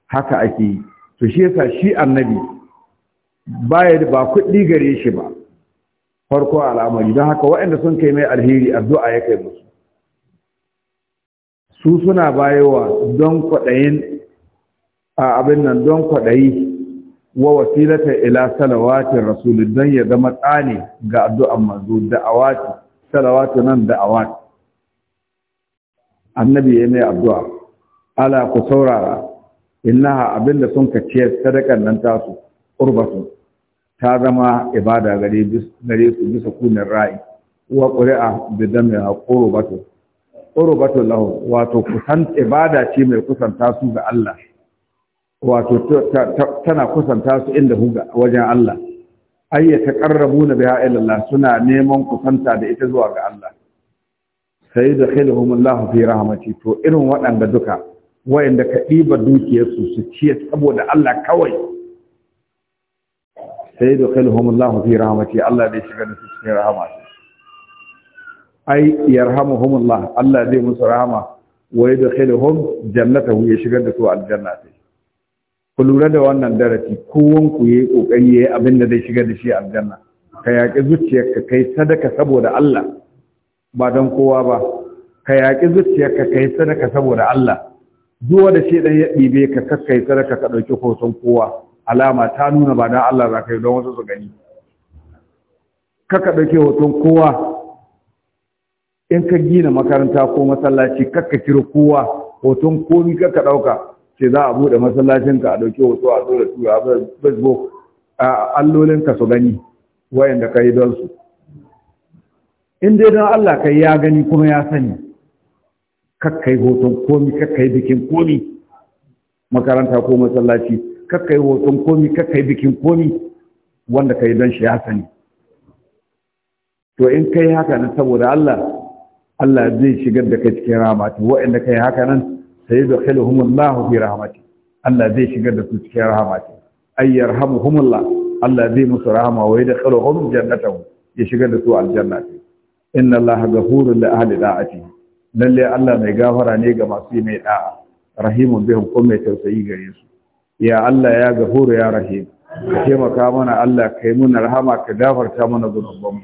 haka ake yi to shi yasa shi annabi baya ba kuɗi gare shi ba farko al'amari don haka waɗanda sun kai mai alheri addu'a ya kai musu su suna bayowa don kwaɗayin a abin nan don kwaɗayi wa wasilata ila salawatin rasuli don ya zama tsani ga addu'an manzo da'awati salawatu nan da'awati annabi ya mai addu'a ala ku saurara Inna abin da sun ka ce sadakan nan tasu qurbatu ta zama ibada gare su bisa kunin rai wa qur'a bi dami qurbatu qurbatu lahu wato kusan ibada ce mai kusanta su ga Allah wato tana kusanta su inda huga wajen Allah ay yataqarrabuna biha ila Allah suna neman kusanta da ita zuwa ga Allah sai da khilhum Allah fi rahmati to irin waɗanda duka wayanda ka ɗiba dukiyarsu su ciye saboda Allah kawai sai da khilhum Allah fi rahmati Allah bai shiga da su cikin rahmati ai yarhamuhumullah Allah zai musu rahama wa yadkhiluhum jannata ya shigar da su aljanna sai ku lura da wannan darasi kowan ku yayi kokari yayi abin da zai shigar da shi aljanna ka yaƙi zuciyarka kai sadaka saboda Allah ba don kowa ba ka yaƙi zuciyarka kai sadaka saboda Allah zuwa da shi dan ya ɗibe ka kakkai sadaka ka dauki hoton kowa alama ta nuna ba dan Allah za ka yi don wasu su gani kaka ɗauki hoton kowa in ka gina makaranta ko masallaci kakka kira kowa hoton komi kakka ɗauka ce za a masallacin masallacinka a dauke hoto a zo da tura a facebook a allolin ka su gani wayanda ka yi don su in dai don allah ka ya gani kuma ya sani kakka yi hoton komi kakka yi bikin komi makaranta ko masallaci kakka yi hoton komi kakka yi bikin komi wanda ka yi don shi ya sani to in kai haka na saboda allah Allah zai shigar da kai cikin rahmati wa'anda kai haka nan sai da khiluhumullahu fi rahmati Allah zai shigar da su cikin rahmati ay yarhamuhumullah Allah zai musu rahama wa yadkhuluhum jannatan ya shigar da su aljanna inna Allah ghafurun li ahli da'ati lalle Allah mai gafara ne ga masu yi mai da'a rahimun bihim kuma mai tausayi gare su ya Allah ya ghafuru ya rahim ka taimaka mana Allah ka yi muna rahama ka gafarta mana zunubanmu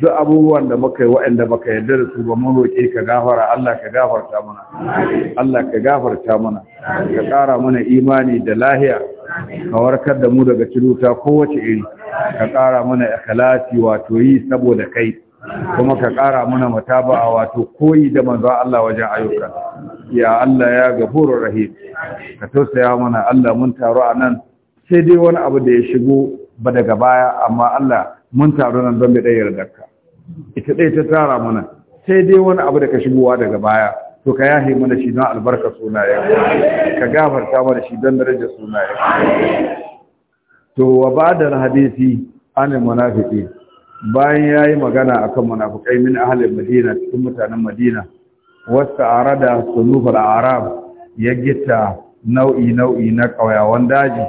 duk abubuwan da muka yi waɗanda baka yarda da su ba mun roƙe ka gafara Allah ka gafarta mana Allah ka gafarta mana ka ƙara mana imani da lahiya ka warkar da mu daga ciruta kowace iri ka ƙara mana ikhlasi wato yi saboda kai kuma ka ƙara mana mataba'a wato koyi da manzon Allah wajen ayyuka ya Allah ya gafurur rahim ka tausaya mana Allah mun taru a nan sai dai wani abu da ya shigo ba daga baya amma Allah mun taru nan don bai ɗaya ita dai ta tara mana sai dai wani abu da ka shigowa daga baya to ka yahe mana shi don albarka sunaye ka gafarta mana shi don daraja sunaye to wa ba da hadisi an munafiki bayan yayi magana akan munafikai min ahli madina cikin mutanen madina wasu arada sunufar arab ya gita nau'i nau'i na ƙauyawan daji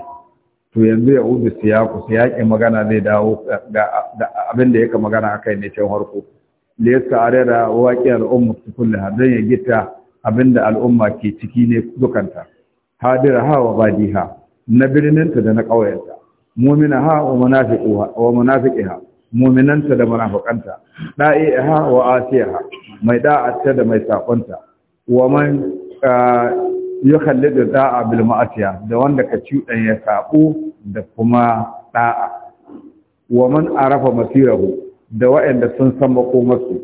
to yanzu ya udu siyaku siyakin magana zai dawo ga abin da yake magana akai ne can harko da yasa arera waƙiyar su kulle dan ya gita abin da al'umma ke ciki ne dukanta hadira ha wa ha, na birninta da na ƙauyenta mu'mina ha wa munafiquha wa munafiqiha ta da munafiqanta ha wa asiha mai da'atta da mai sakonta wa man ah, ya kalli da da'a bil ma'asiya da wanda ka ya saɓo da kuma da'a wa man arafa masirahu da waɗanda sun san makomarsu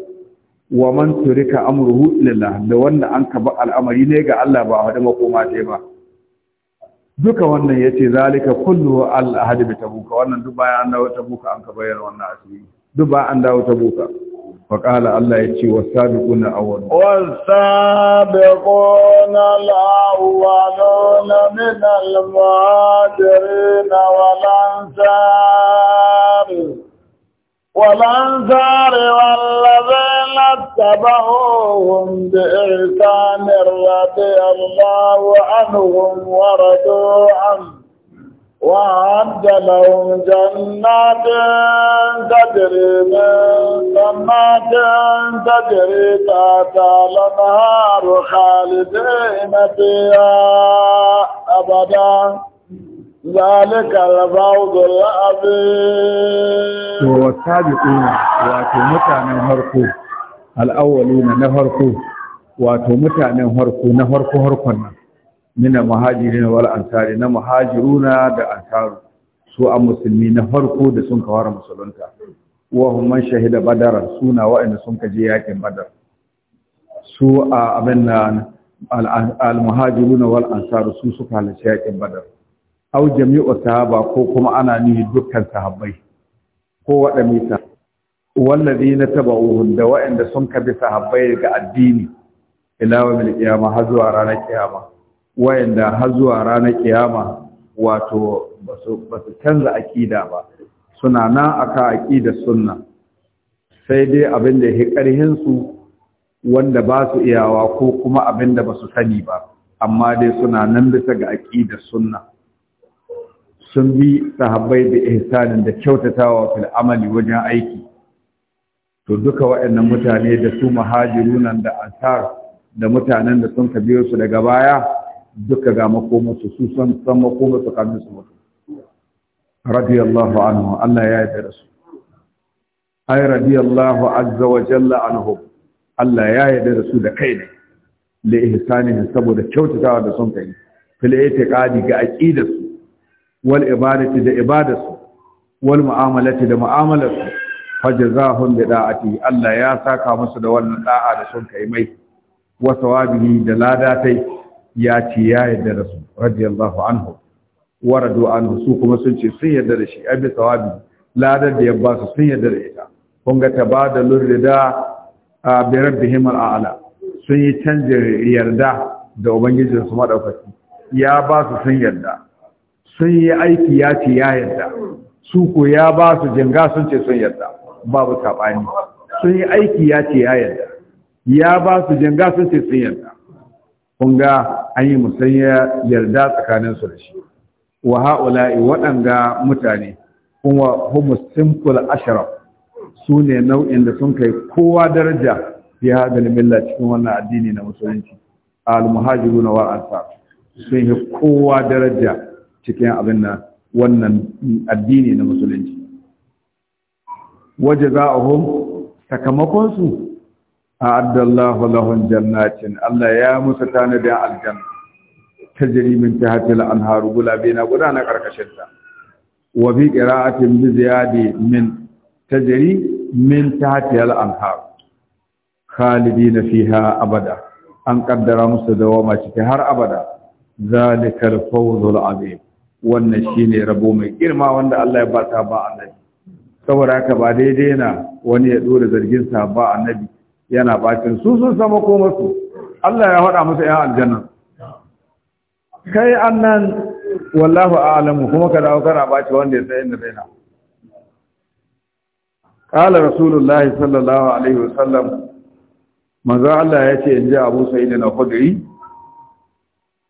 wa man turika amruhu lillah da wanda an kaba al'amari ne ga Allah ba wada makoma ce ba duka wannan yace zalika kullu al ahad bi tabuka wannan duk bayan an dawo tabuka an ka bayyana wannan asiri duk ba an dawo tabuka فقال الله يتي والسابقون أول والسابقون الأولون من المهاجرين والأنصار والأنصار والذين اتبعوهم بإحسان رضي الله عنهم ورضوا عنه وعد لهم جنات تجري من جنات تجري تحت الأنهار خالدين فيها أبدا ذلك الفوز العظيم والسابقون واتوا متعن هركو الأولون نهركو واتو متعن هركو نهركو هركو mina muhajirin wal ansari na muhajiruna da ansaru su a musulmi na farko da sun kawar musulunta wa hum man shahida badar suna wa'anda sun kaje yakin badar su a abin nan al muhajiruna wal ansaru su halarci yakin badar au jami'u sahaba ko kuma ana nihi dukkan sahabai. ko waɗanda wallazi na taba uhun da waɗanda sun kabi sahabbai ga addini ila wa mil kiyama har zuwa ranar kiyama wayanda har zuwa ranar kiyama wato ba su canza aƙida ba suna nan aka aƙida sunna sai dai abin da ya ƙarhinsu wanda ba su iyawa ko kuma abin da ba su sani ba amma dai suna nan bisa ga aƙida sunna sun bi sahabbai da ihsanin da kyautatawa fil amali wajen aiki to duka waɗannan mutane da su muhajirunan da ansar da mutanen da sun kabe su daga baya duka ga makomarsu su san san makomarsu kamin su mutu radiyallahu anhu Allah ya yarda da su ay radiyallahu azza wa jalla anhu Allah ya yarda da su da kai ne da ihsanihi saboda kyautatawa da sun kai fil itiqadi ga aqidarsu wal ibadati da su. wal mu'amalati da mu'amalarsu fajazahum bi da'ati Allah ya saka musu da wannan da'a da sun kai mai wa sawabihi da ladatai ya ce ya yarda da su radiyallahu anhu wa radu anhu su kuma sun ce sun yarda da shi abi sawabi ladar da ya ba su sun yarda da ita kun ga tabadalur rida a bi rabbihim al'ala sun yi canjin yarda da ubangijin su madaukaki ya ba su sun yarda sun yi aiki ya ce ya yarda su ko ya ba su janga sun ce sun yarda babu sabani sun yi aiki ya ce ya yarda ya ba su janga sun ce sun yarda kun ga an yi musanya yarda tsakanin su da shi wa ha'ula'i waɗanga mutane kuma humus simple ashraf su ne nau'in da sun kai kowa daraja fi hadal milla cikin wannan addini na musulunci al-muhajiruna wal ansar sun yi kowa daraja cikin abin nan wannan addini na musulunci wajaza'uhum sakamakon su a'addallahu lahum jannatin Allah ya musu tanadin aljanna tajri min tahti al-anhar gulabina gudana karkashin ta wa bi qira'atin bi ziyadi min tajri min tahti al-anhar khalidina fiha abada an qaddara musu dawama cike har abada zalikal fawzul azim wannan shine rabo mai girma wanda Allah ya bata ba annabi saboda haka ba daidai na wani ya dora zargin sa ba annabi yana bakin su sun sama koma su Allah ya haɗa musu ‘yan aljanna kai annan wallahu a'lamu kuma ka dawo kana baci wanda ya sai inda zai na qala rasulullah sallallahu alaihi wasallam manzo Allah ya ce inji Abu Sa'id na khudri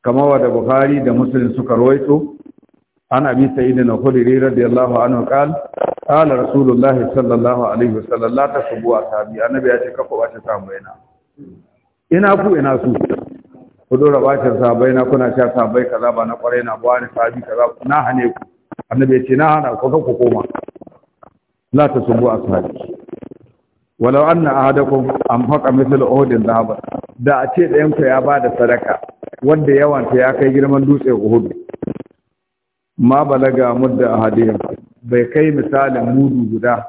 kama wa da Bukhari da Muslim suka rawaito ana bi sayyidina khudri radiyallahu anhu qal qala rasulullahi sallallahu alaihi wasallam la tasbu asabi annabi ya ce kafa wace samu yana ina ku ina su ku dora bacin sabai na kuna cewa sabai kaza ba na kwarai na ba ni sabi kaza na hane ku annabi ce na hana ku ku koma la tasbu asabi walau anna ahadakum anfaqa mithla uhudin dhahaba da a ce ɗayan ku ya bada sadaka wanda yawan ya kai girman dutse uhud ma balaga mudda ahadiyya bai kai misalin mudu guda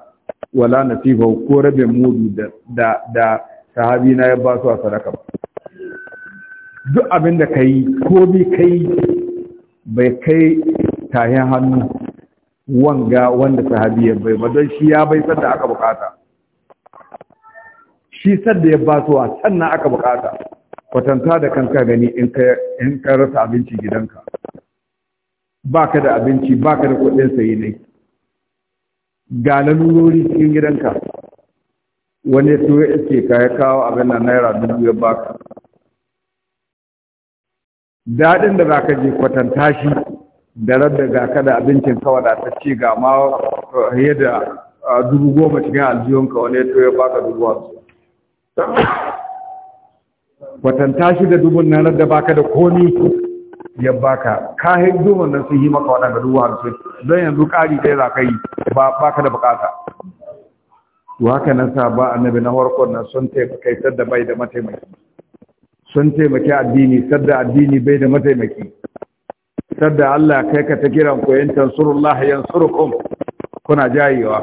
wala nasifa ko rabin mudu da da, sahabi na ya ba su sadaka ba duk abin da kai ko bi kai bai kai tahin hannu wanga wanda sahabi ya bai ba don shi ya bai sadda aka bukata shi sadda ya ba su sannan aka bukata kwatanta da kanka gani in ka rasa abinci gidanka baka da abinci baka da kudin sayi ne ga lalurori cikin gidanka wani ya ya iske ka ya kawo abin nan naira dubu ya baka daɗin da zaka je kwatanta shi da rabda ga ka da abincin ka wadatacce ga ma fiye da dubu goma cikin aljiyonka wani ya ya baka dubu wasu kwatanta shi da dubun nan da baka da komi ya baka ka hiddo nan sun yi maka waɗanda dubu harsun don yanzu ƙari ɗaya za ka yi ba ka da buƙata to nan sa ba annabi na farkon nan sun taimaka sadda bai da mataimaki sun taimaki addini sadda addini bai da mataimaki sadda Allah kai ka ta kiran ku yan tansurullah yansurukum kuna jayewa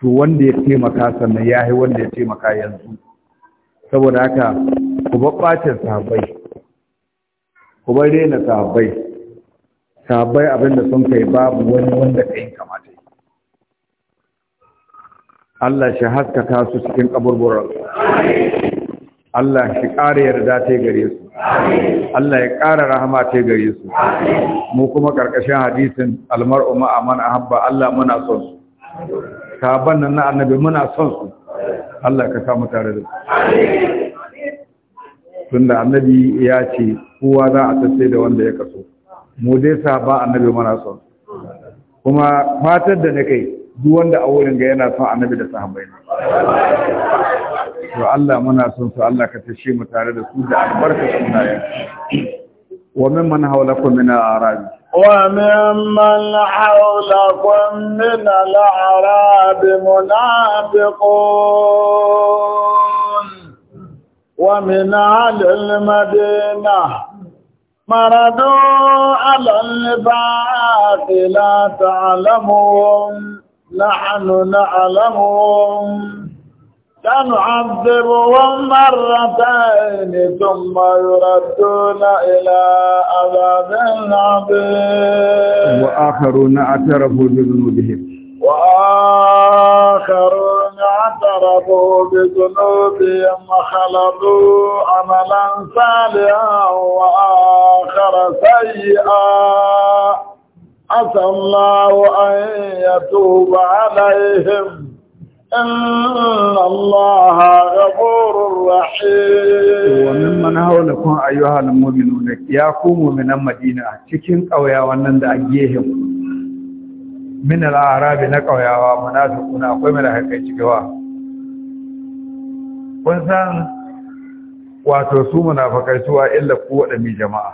to wanda ya taimaka sannan yahi wanda ya taimaka yanzu saboda haka ku babbacin sahabbai kuma daina sahabbai sahabbai abinda sun kai babu wani wanda ka yi kamata Allah shi haskaka su cikin kaburburar Allah shi ƙara yarda ta gare su Allah ya ƙara rahama ta gare su mu kuma ƙarƙashin hadisin almar'u ma'aman haɓba Allah muna son su sahabban nan na annabi muna son su Allah ka samu tare da su tunda annabi ya ce kowa za a tace da wanda ya kaso mu dai sa ba annabi mana son kuma fatar da na kai duk wanda a wurin ga yana son annabi da sahabbai to Allah muna son su Allah ka tashi mu tare da su da albarka ya wa mimman hawlakum min al-a'rab wa mimman hawlakum min al-a'rab munafiqun ومن أهل المدينة مردوا على النفاق لا تعلمهم نحن نعلمهم سنعذبهم مرتين ثم يردون إلى عذاب عظيم وآخرون اعترفوا بذنوبهم وآخرون فاعترفوا بذنوبهم وخلطوا عملا صالحا وآخر سيئا عسى الله أن يتوب عليهم إن الله غفور رحيم وممن حولكم أيها المؤمنون يا قوم من المدينة cikin ƙauyawan nan da a gehen min al'arabi na ƙauyawa munafiquna akwai mala'ikai cikewa kun san wato su munafikai suwa illa ko wadanni jama'a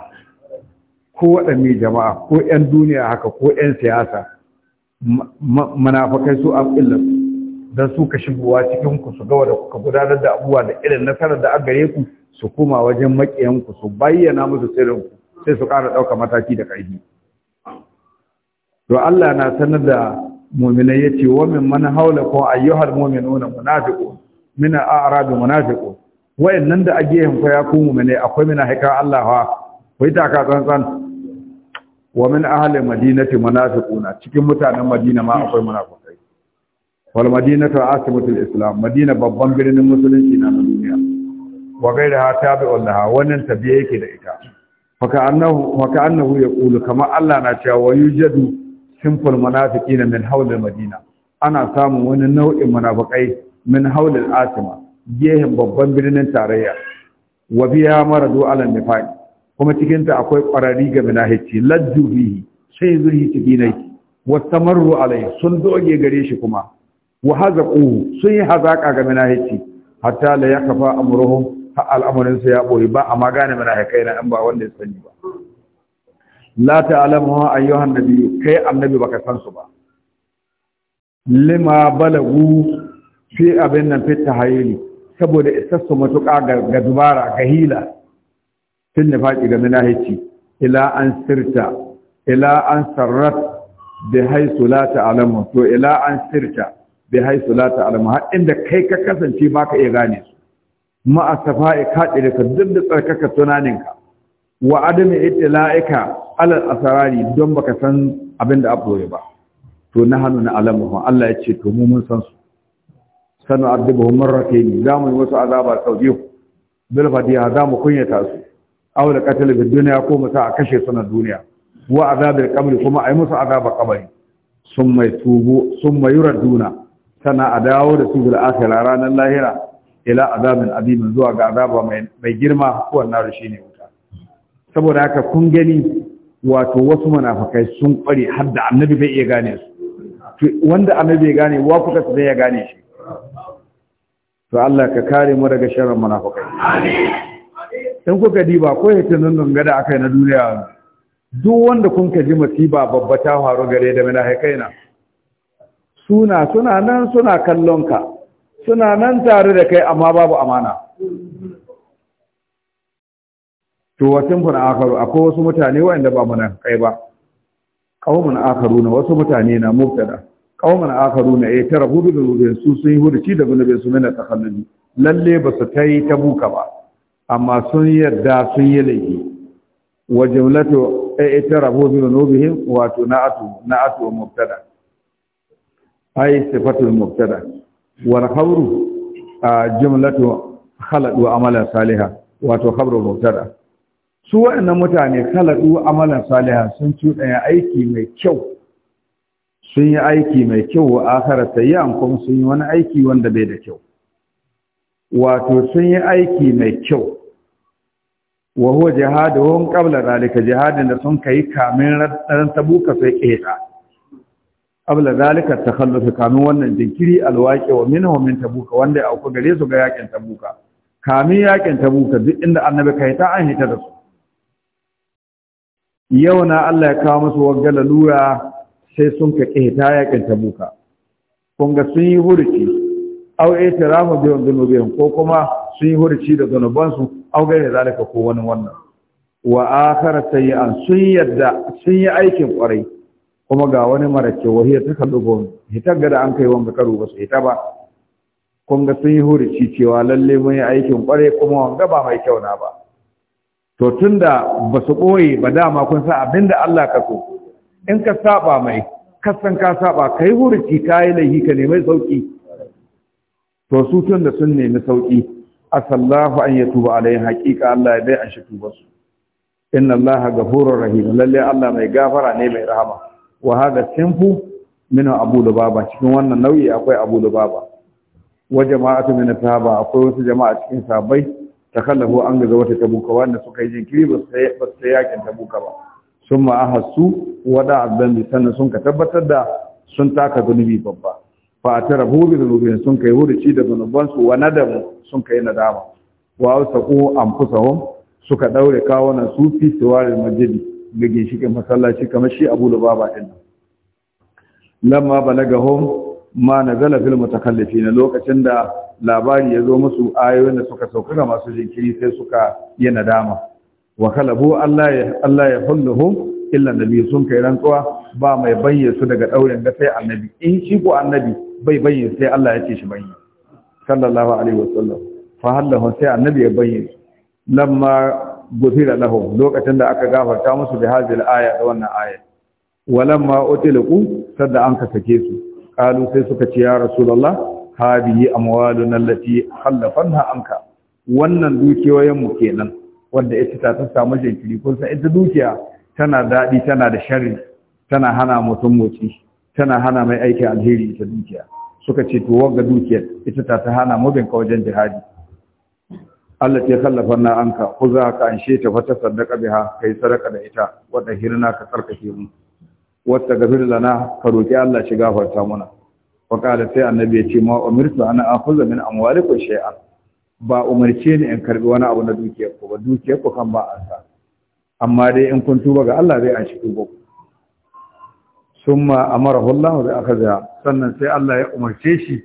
ko wadanni jama'a ko 'yan duniya haka ko 'yan siyasa Munafakai su an illa don su ka shigowa cikin ku su ga da kuka gudanar da abuwa da irin nasarar da aka gare ku su koma wajen makiyan ku su bayyana musu sirrin ku sai su ƙara ɗauka mataki da ƙarfi to Allah na sanar da mu'minai yace wa min man ko ayyuhal mu'minuna munafiqu min a'rab Wayan wayannan da yin fa ya ku mu'minai akwai mina haika Allah wa wai ta ka tsantsan wa min ahli madinati munafiquna cikin mutanen Madina ma akwai munafiqai wal madinatu asimatul islam madina babban birnin musulunci na duniya wa gairaha tabi'un laha wannan tabiye yake da ita faka annahu faka annahu yaqulu kama Allah na cewa wayujadu simful munafiqin min hawlil madina ana samun wani nau'in munafiqai min hawlil Asima, gehen babban birnin tarayya wa biya maradu ala nifaq kuma cikin ta akwai qarari ga munafiqi laddu bihi sai zuri tibinai wa tamarru alai sun doge gare shi kuma wa hazaqu sun yi hazaka ga munafiqi hatta la yakfa amruhum al'amarin su ya ba amma gane munafiqai na an ba wanda ya sani ba la ta'lamu ayyuhan nabiy kai annabi baka san su ba lima balagu fi abin nan fi tahayyuli saboda isassu matuƙa ga dubara ga hila tun da faɗi ga minahici ila an sirta ila an sarrat bi haisu la ta'lamu to ila an sirta bi haisu la ta'lamu har inda kai ka kasance baka iya gane su ma asafa'i ka duk da tsarkaka tunaninka wa adam itla'ika alal asarari don baka san abin da aboye ba to na hannu na alamu Allah ya ce to mu mun san su sanu adibu ni za mu yi wasu azaba sau bil fadiha za mu kunyata su aw da qatl bi dunya ko mu sa a kashe su na duniya wa azabil qabri kuma ai musu azaba qabri summa tubu summa yuraduna sana a dawo da su bil akhirah ranar lahira ila azabin adimin zuwa ga azaba mai girma ko wannan shine saboda haka kun gani wato wasu manafakai sun kware har da annabi bai iya gane su wanda annabi ya gane wa kuka sai ya gane shi to Allah ka kare mu daga sharrin manafakai. amin in kuka diba ko hitanin nan gada akai na duniya duk wanda kun ka ji masiba babba ta faru gare da munafikai na suna suna nan suna kallon ka suna nan tare da kai amma babu amana to wasu mun akaru akwai wasu mutane wanda ba muna kai ba qaumun na wasu mutane na mubtada qaumun akaruna eh tara hudu da hudu su sun yi hudu ci da bin su mena takhalluji lalle ba su kai ta buka ba amma sun yarda sun yi laifi wa jumlatu eh tara hudu da hudu wato na'atu na'atu mubtada ay sifatul mubtada wa khabru ah, jumlatu wa amala salihah wato khabru mubtada su waɗannan mutane kaladu amalan Saliha sun cuɗanya aiki mai kyau sun yi aiki mai kyau wa ta yi kuma sun yi wani aiki wanda bai da kyau wato sun yi aiki mai kyau wa huwa hun qabla zalika jihadin da sun kai kamin ran tabuka sai keta qabla zalika takhalluf kamin wannan jinkiri alwaqi wa minhu min tabuka wanda ya auku gare su ga yakin tabuka kamin yakin tabuka duk inda annabi kai ta an hita da su yau na Allah ya kawo musu wagga lalura sai sun ka ƙeta ta tabuka kun ga sun yi hurci au rama biyan zunubiyan ko kuma sun yi hurci da zunubansu au da zalika ko wani wannan wa akhara an sun yadda sun yi aikin kwarai kuma ga wani mara cewa wahiyar ta kallubo hitar hita gada an kai wanga karo ba su hita ba kun ga sun yi hurci cewa lalle mun yi aikin kwarai kuma wanga ba mai kyau na ba to da ba su ɓoye ba dama kun sa abinda Allah ka so in ka saba mai kasan ka saba ka yi hurci ka yi laihi ka nemi sauƙi to su tun da sun nemi sauƙi asallahu an ya tuba alayhi haƙiƙa Allah ya bai an shi tuba su inna Allah ghafurur rahim lalle Allah mai gafara ne mai rahama wa hada sinfu min abu lubaba cikin wannan nau'i akwai abu lubaba wa jama'atu min sahaba akwai wasu jama'a cikin sahabbai takallafu an gaza wata tabuka wanda suka yi jinkiri ba su ta yakin tabuka ba sun ma'aha su wada abdambi sannan sun ka tabbatar da sun taka zunubi babba fa tara rabu da sun kai huruci da zunubansu wa nadamu sun kai nadama wa wasaku hom suka daure kawunan su fi siwarin majidi ga ginshikin masallaci kamar shi abu lubaba din lamma balagahum ma nazala fil na lokacin da labari ya zo musu ayoyin da suka sauka ga masu jinkiri sai suka yi nadama wa kalabu Allah ya Allah ya hulluhum illa nabi sun kai rantsuwa ba mai bayyana su daga daurin da sai annabi in shi ko annabi bai bayyana sai Allah ya ce shi bayyana sallallahu alaihi wasallam fa hallahu sai annabi ya bayyana lamma gufira lahu lokacin da aka gafarta musu bi al aya da wannan aya walamma utilqu sadda an ka sake su kalu sai suka ce ya rasulullah hadihi amwalun allati khallafanha anka wannan dukiyoyin mu kenan wanda ita ta ta samu jinkiri kun san ita dukiya tana dadi tana da sharri tana hana mutum motsi tana hana mai aikin alheri ita dukiya suka ce to wanga dukiyar ita ta ta hana mu bin ka wajen jihadi Allah ya kallafa na anka ku za ka anshe ta fata sadaka biha kai sadaka da ita wanda hirna ka tsarkake mu wata gafir lana ka roƙi Allah shi gafarta muna wa qala sai annabi ya ce ma umirtu ana akhudha min amwalikum shay'an ba umarce ni in karbi wani abu na dukiyar ku ba dukiyar ku kan ba an sa amma dai in kun tuba ga Allah zai an shi tuba summa amarahu Allah aka akhadha sannan sai Allah ya umarce shi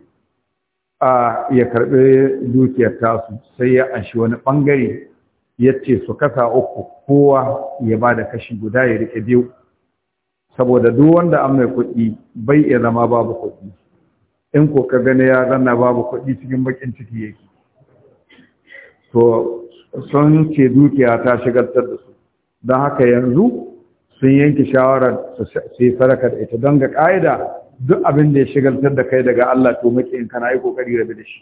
a ya karbi dukiyar tasu sai ya anshi wani bangare yace su kasa uku kowa ya ba da kashi guda ya rike biyu saboda duk wanda an mai kuɗi bai iya zama babu kuɗi in ko ka gani ya zanna babu kuɗi cikin bakin ciki yake to sun ce dukiya ta shigartar da su don haka yanzu sun yanke shawarar su yi sadaka da ita don ga ƙa'ida duk abin da ya shigartar da kai daga Allah to maki in kana yi kokari rabe da shi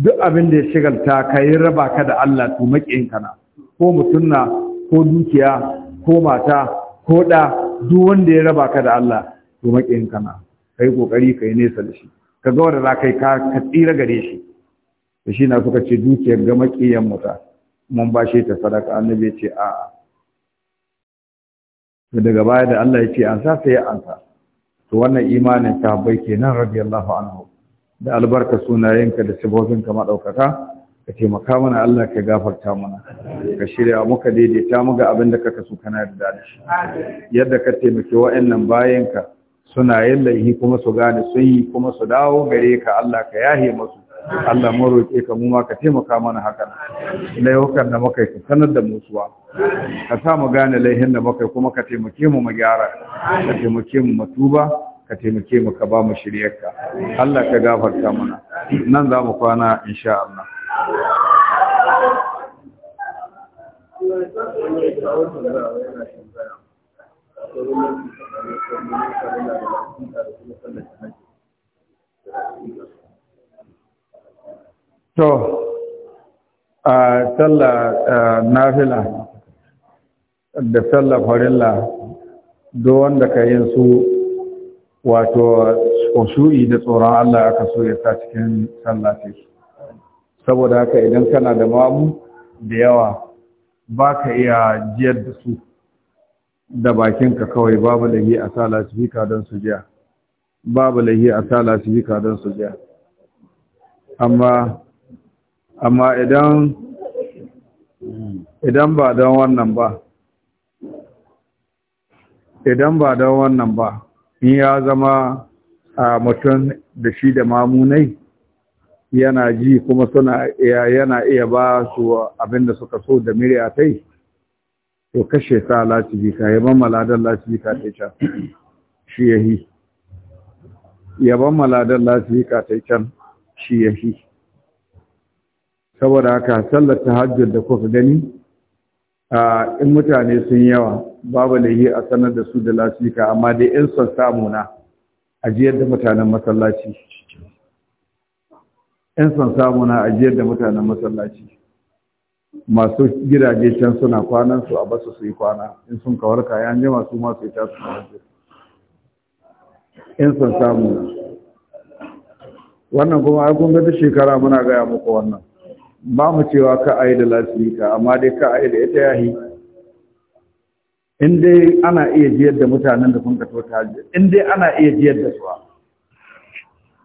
duk abin da ya shigalta ka yi raba ka da Allah to maki in kana ko mutum ko dukiya ko mata ko da duk wanda ya raba ka da Allah to makiyin kana kai kokari kai nesa da shi ka ga wanda za ka ka tsira gare shi da shi na suka ce dukiyar ga makiyan muta mun bashe ta sadaka annabi ce a to daga baya da Allah ya ce an sa sai ya ansa to wannan imanin sahabbai kenan radiyallahu anhu da albarka sunayenka da sabobinka madaukaka ka taimaka mana Allah ka gafarta mana ka shirya muka daidaita mu ga abin da kaka so kana da dashi yadda ka taimake wa'annan bayanka suna yin laihi kuma su gane sun yi kuma su dawo gare ka Allah ka yahe masu Allah mu roƙe ka mu ma ka taimaka mana hakan laihukan da muka yi sanar da musuwa ka sa mu gane laihin da muka kuma ka taimake mu mu gyara ka taimake mu mu tuba ka taimake mu ka ba mu shiryarka Allah ka gafarta mana nan za mu kwana insha Allah To, a sallah fila da tsalla farilla don wanda ka yin su wato shu'i da tsoron Allah aka so ya sa cikin tsalla saboda haka idan kana da mamu da yawa ba ka iya jiyar da su da bakinka kawai babu lahi a sa lasifika don su jiya babu lahi a sa lasifika don su jiya amma amma idan idan ba don wannan ba idan ba don wannan ba in ya zama a mutum da shi da mamunai yana ji kuma suna iya yana iya ba su abinda suka so da murya tai to kashe ta lacibi ka yaban maladan lati ka tai can shi yahi yaban maladan lacibi ka tai can shi yahi saboda haka sallar tahajjud da kuka gani a in mutane sun yawa babu yi a sanar da su da lasika amma dai in son samu na ajiyar da mutanen masallaci in son samu na ajiyar da mutanen masallaci masu gidaje can suna kwanan su a basu su yi kwana in sun kawar kayan jama su ma su yi in son samu wannan kuma ai kun shekara muna gaya muku wannan ba mu cewa ka a yi da lasirika amma dai ka a yi da ita yahi in dai ana iya jiyar da mutanen da sun kato ta in dai ana iya jiyar da su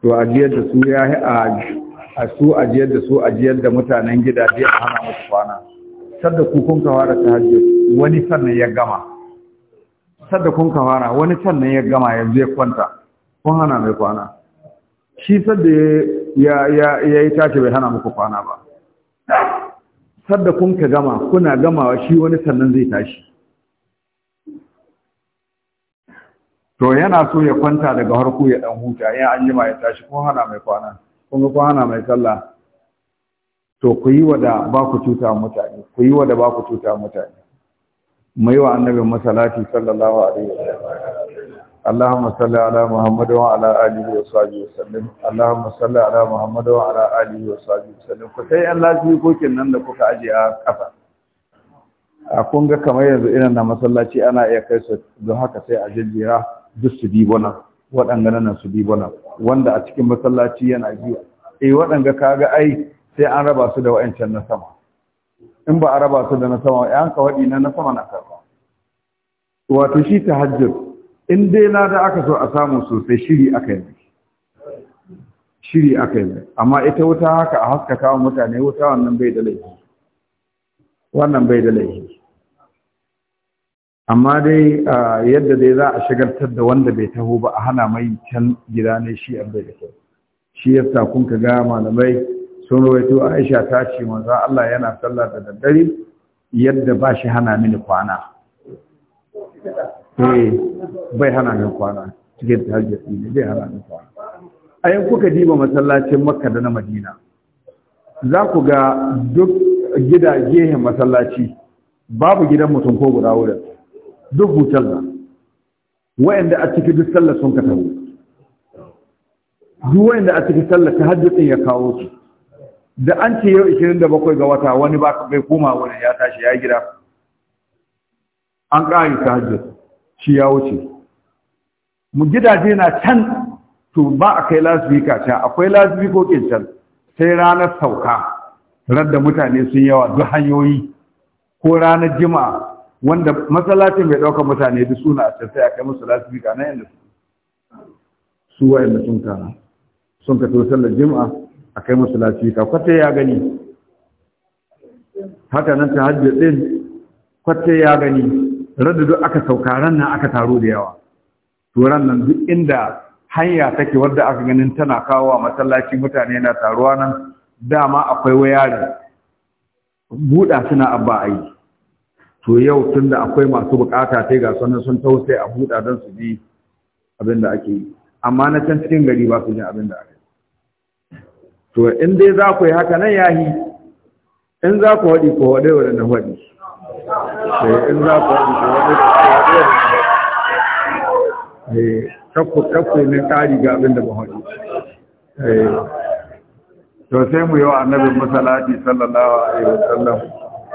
to a jiyar da su yahi a a su ajiyar da su ajiyar da mutanen gidaje a hana musu kwana sadda ku kun kawara ta hajji wani sannan ya gama sadda kun kawara wani sannan ya gama yanzu ya kwanta kun hana mai kwana shi sadda ya ya ya yi tashi bai hana muku kwana ba sadda kun ka gama kuna gamawa shi wani sannan zai tashi to yana so ya kwanta daga harku ya dan huta ya an ya tashi kun hana mai kwana kun ga hana mai sallah to ku yi wada ba ku cuta mutane ku yi wada ba ku cuta mutane mu yi wa annabin masalati sallallahu alaihi wasallam اللهم صل على محمد وعلى اله وصحبه وسلم اللهم صل على محمد وعلى اله وصحبه وسلم ku sai Allah ji kokin nan da kuka aje a kafa a kun ga kamar yanzu irin na masallaci ana iya kai su don haka sai a jira duk su bi nan waɗanga nan su bi bana wanda a cikin masallaci yana biyu? eh waɗanga kaga ai sai an raba su da wa'ancan na sama in ba a raba su da na sama ya an kawadi na na sama na karba wato shi tahajjud in dai na da aka so a samu sosai shiri aka yi shiri aka yi amma ita wuta haka a haskaka mutane wuta wannan bai da laifi wannan bai da laifi amma dai yadda dai za a shagartar da wanda bai taho ba a hana mai can gida ne shi an bai da kyau shi ya sa kun ka ga malamai sun rawaito Aisha ta ce manzo Allah yana sallah da daddare yadda ba shi hana mini kwana eh bai hana mini kwana cikin tahajjudi ne bai hana mini kwana ayin kuka diba masallacin Makka da na Madina za ku ga duk gidaje masallaci babu gidan mutum ko guda wurin duk hutar na wa'anda a cikin duk sallar sun ka taru. duk wa'anda a cikin sallar ta hajjutin ya kawo su da an ce yau 27 ga wata wani ba bai koma wani ya tashi ya gida an ƙari ta hajjut shi ya wuce mu gidaje na can to ba a kai ka can akwai lasbikokin can sai ranar sauka radda mutane sun yawa duk hanyoyi ko ranar jima'a wanda masallacin mai ɗaukar mutane duk suna a can sai a kai musu lasifika na yadda su wa'anda sun kana sun ka to sallar jima'a a kai musu lasifika kwata ya gani haka nan ta hajjar ɗin kwata ya gani rada duk aka sauka ran nan aka taro da yawa to ran nan duk inda hanya take wadda aka ganin tana kawo masallaci mutane na taruwa nan dama akwai wayari buɗa suna abba a yi to yau tun da akwai masu bukata ta ga sannan sun tausai a buɗa don su ji abin da ake yi amma na can cikin gari ba su jin abin da ake to in dai za ku yi haka nan ya yi in za ku waɗi ku haɗe wa na haɗi eh, in za ku haɗi ku haɗe ku haɗe eh, kakku ne kari ga abin da ba haɗi eh, to sai mu yi wa annabin masalati sallallahu alaihi wa sallam.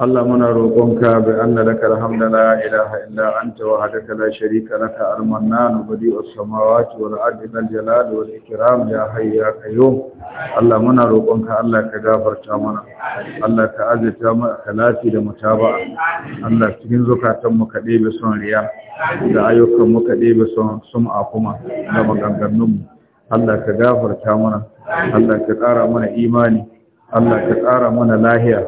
Allah muna roƙonka bi anna laka alhamdu la ilaha illa anta wahdaka la sharika laka al-mannan badi'us samawati wal ardi dal jalal wal ikram ya hayy ya qayyum Allah muna roƙonka Allah ka gafarta mana Allah ka azurta mu akhlasi da mutaba'a Allah cikin zukatan mu ka ɗebe son riya da ayyukan mu ka ɗebe son sum'a kuma da maganganun mu Allah ka gafarta mana Allah ka ƙara mana imani Allah ka ƙara mana lahiya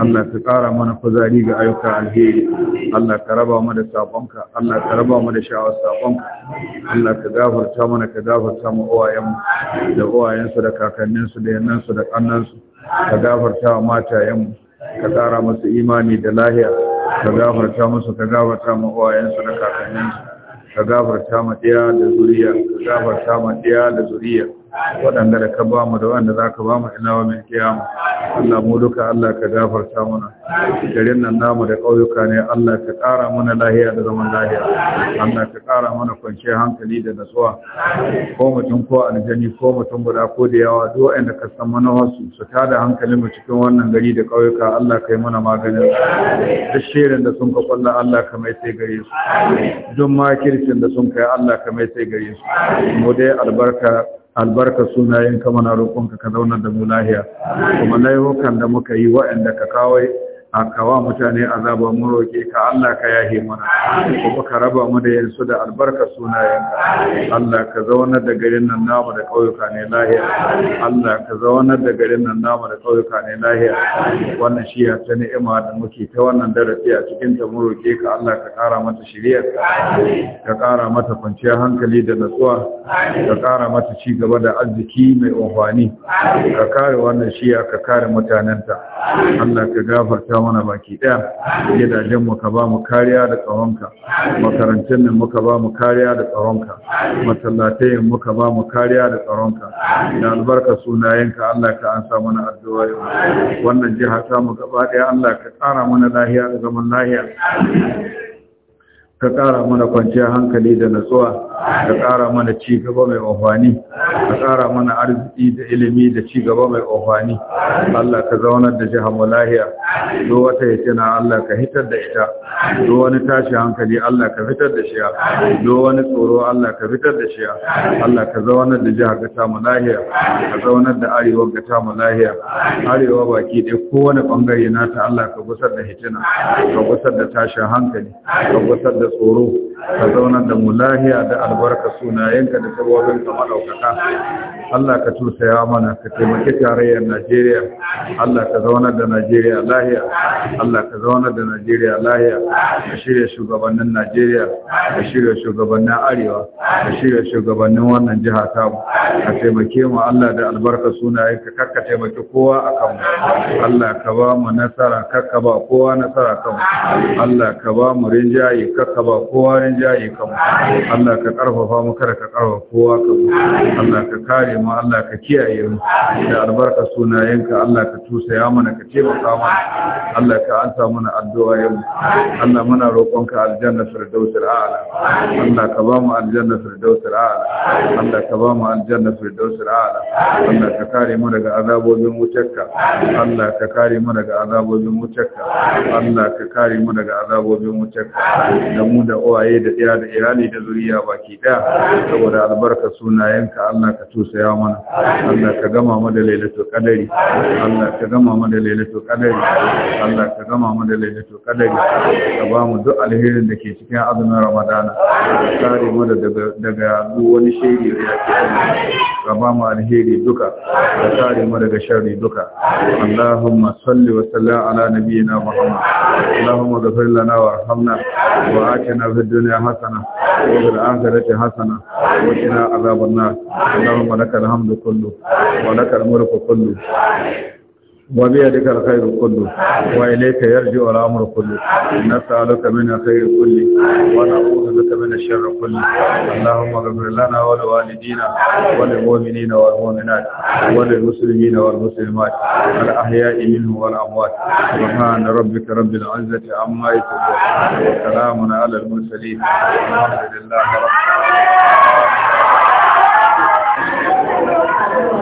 Allah ka ƙara mana kuzari ga ayyuka alheri Allah ka raba mu da sabonka Allah ka raba mu da sha'awar sabonka Allah ka gafarta mana ka gafarta mu uwayenmu da uwayensu da kakanninsu da yannansu da kannansu ka gafarta wa matayenmu ka ƙara musu imani da lahiya ka gafarta musu ka gafarta mu uwayensu da kakanninsu ka gafarta mu ɗaya da zuriya ka gafarta mu ɗaya da zuriya waɗanda da ka ba mu da wanda za ka ba mu ina wa mai kiyama Allah mu duka Allah ka gafarta mana garin nan namu da ƙauyuka ne Allah ka ƙara mana lahiya da zaman lahiya Allah ka ƙara mana kwanciyar hankali da nasuwa ko mutum ko aljani ko mutum guda ko da yawa duk waɗanda ka san mana wasu su tada hankalin mu cikin wannan gari da ƙauyuka Allah ka yi mana maganin duk shirin da sun ka kwalla Allah ka mai sai gare su duk makircin da sun kai Allah ka mai sai gare su mu dai albarka albarka kama na roƙonka ka zaunar da mu lahiya kuma laifukan da muka yi waɗanda ka kawai akawa mutane azaba mun roke ka Allah ka yahe mana kuma ka raba mu da yansu da albarka sunayenka Allah ka zaunar da garin nan namu da ƙauyuka ne lahiya Allah ka zaunar da garin nan namu da ƙauyuka ne lahiya wannan shi ya ta ni'ima da muke ta wannan darasi a cikin ta mun ka Allah ka ƙara mata shiriyar ka ƙara mata kwanciyar hankali da natsuwa ka ƙara mata ci gaba da arziki mai amfani ka kare wannan ya ka kare mutanenta Allah ka gafarta Ka mana baki daya gidajen mu ka bamu kariya da tsaronka makarantun mu muka bamu kariya da tsaronka masallatai mu ka bamu kariya da tsaronka da albarka yanka Allah ka ansa mana addu'a wannan jiha ta mu gaba daya Allah ka tsara mana lahiya da zaman lahiya ka ƙara mana kwanciyar hankali da natsuwa ka ƙara mana ci gaba mai amfani ka ƙara mana arziki da ilimi da ci gaba mai amfani Allah ka zaunar da jihar mu lahiya do wata hitina Allah ka hitar da ita do wani tashi hankali Allah ka fitar da shi do wani tsoro Allah ka fitar da shi Allah ka zaunar da jihar ga mu lahiya ka zaunar da arewa ga mu lahiya arewa baki ɗaya kowane bangare nata Allah ka gusar da hitina ka gusar da tashin hankali ka gusar da da tsoro ka zaunar da mu lahiya da albarka sunayenka da sabobin ka maɗaukaka Allah ka tusaya mana ka taimaki tarayyar Najeriya Allah ka zaunar da Najeriya lahiya Allah ka zaunar da Najeriya lahiya ka shirya shugabannin Najeriya ka shirya shugabannin Arewa ka shirya shugabannin wannan jiha ta mu ka taimake mu Allah da albarka sunayenka Ka taimaki kowa kan mu Allah ka ba mu nasara ka ba kowa nasara kan mu Allah ka ba mu rinjaye ka ba kowa rinjaye ka Allah ka karfafa mu kada ka karfafa kowa ka Allah ka kare mu Allah ka kiyaye mu da albarka sunayenka Allah ka tusaya mana ka taimaka mana Allah ka ansa mana addu'a yau Allah muna roƙonka aljanna firdausul a'la Allah ka ba mu aljanna firdausul a'la Allah ka ba mu aljanna firdausul a'la Allah ka kare mu daga azabobin wutarka Allah ka kare mu daga azabobin wutarka Allah ka kare mu daga azabobin wutarka da mu da uwaye da tsaya da iyali da zuriya baki ɗaya saboda albarka sunayenka Allah ka tusaya mana Allah ka gama mu da lailatul qadari Allah ka gama mu da lailatul qadari Allah ka gama mu da lailatul qadari ka ba mu duk alherin da ke cikin azumin Ramadana ka kare mu daga daga duk wani shiri da yake ka ba mu alheri duka ka kare mu daga sharri duka Allahumma salli wa sallim ala nabiyyina Muhammad Allahumma ghfir lana warhamna wa atina fid الدنيا حسنة وفي الآخرة حسنة وإنا عذاب النار اللهم لك الحمد كله ولك الملك كله وبيدك الخير كله وإليك يرجع الأمر كله نسألك من الخير كله ونعوذ بك من الشر كله اللهم اغفر لنا ولوالدينا وللمؤمنين والمؤمنات وللمسلمين والمسلمات الأحياء منهم والأموات سبحان ربك رب العزة عما يصفون وسلام على المرسلين الحمد لله رب العالمين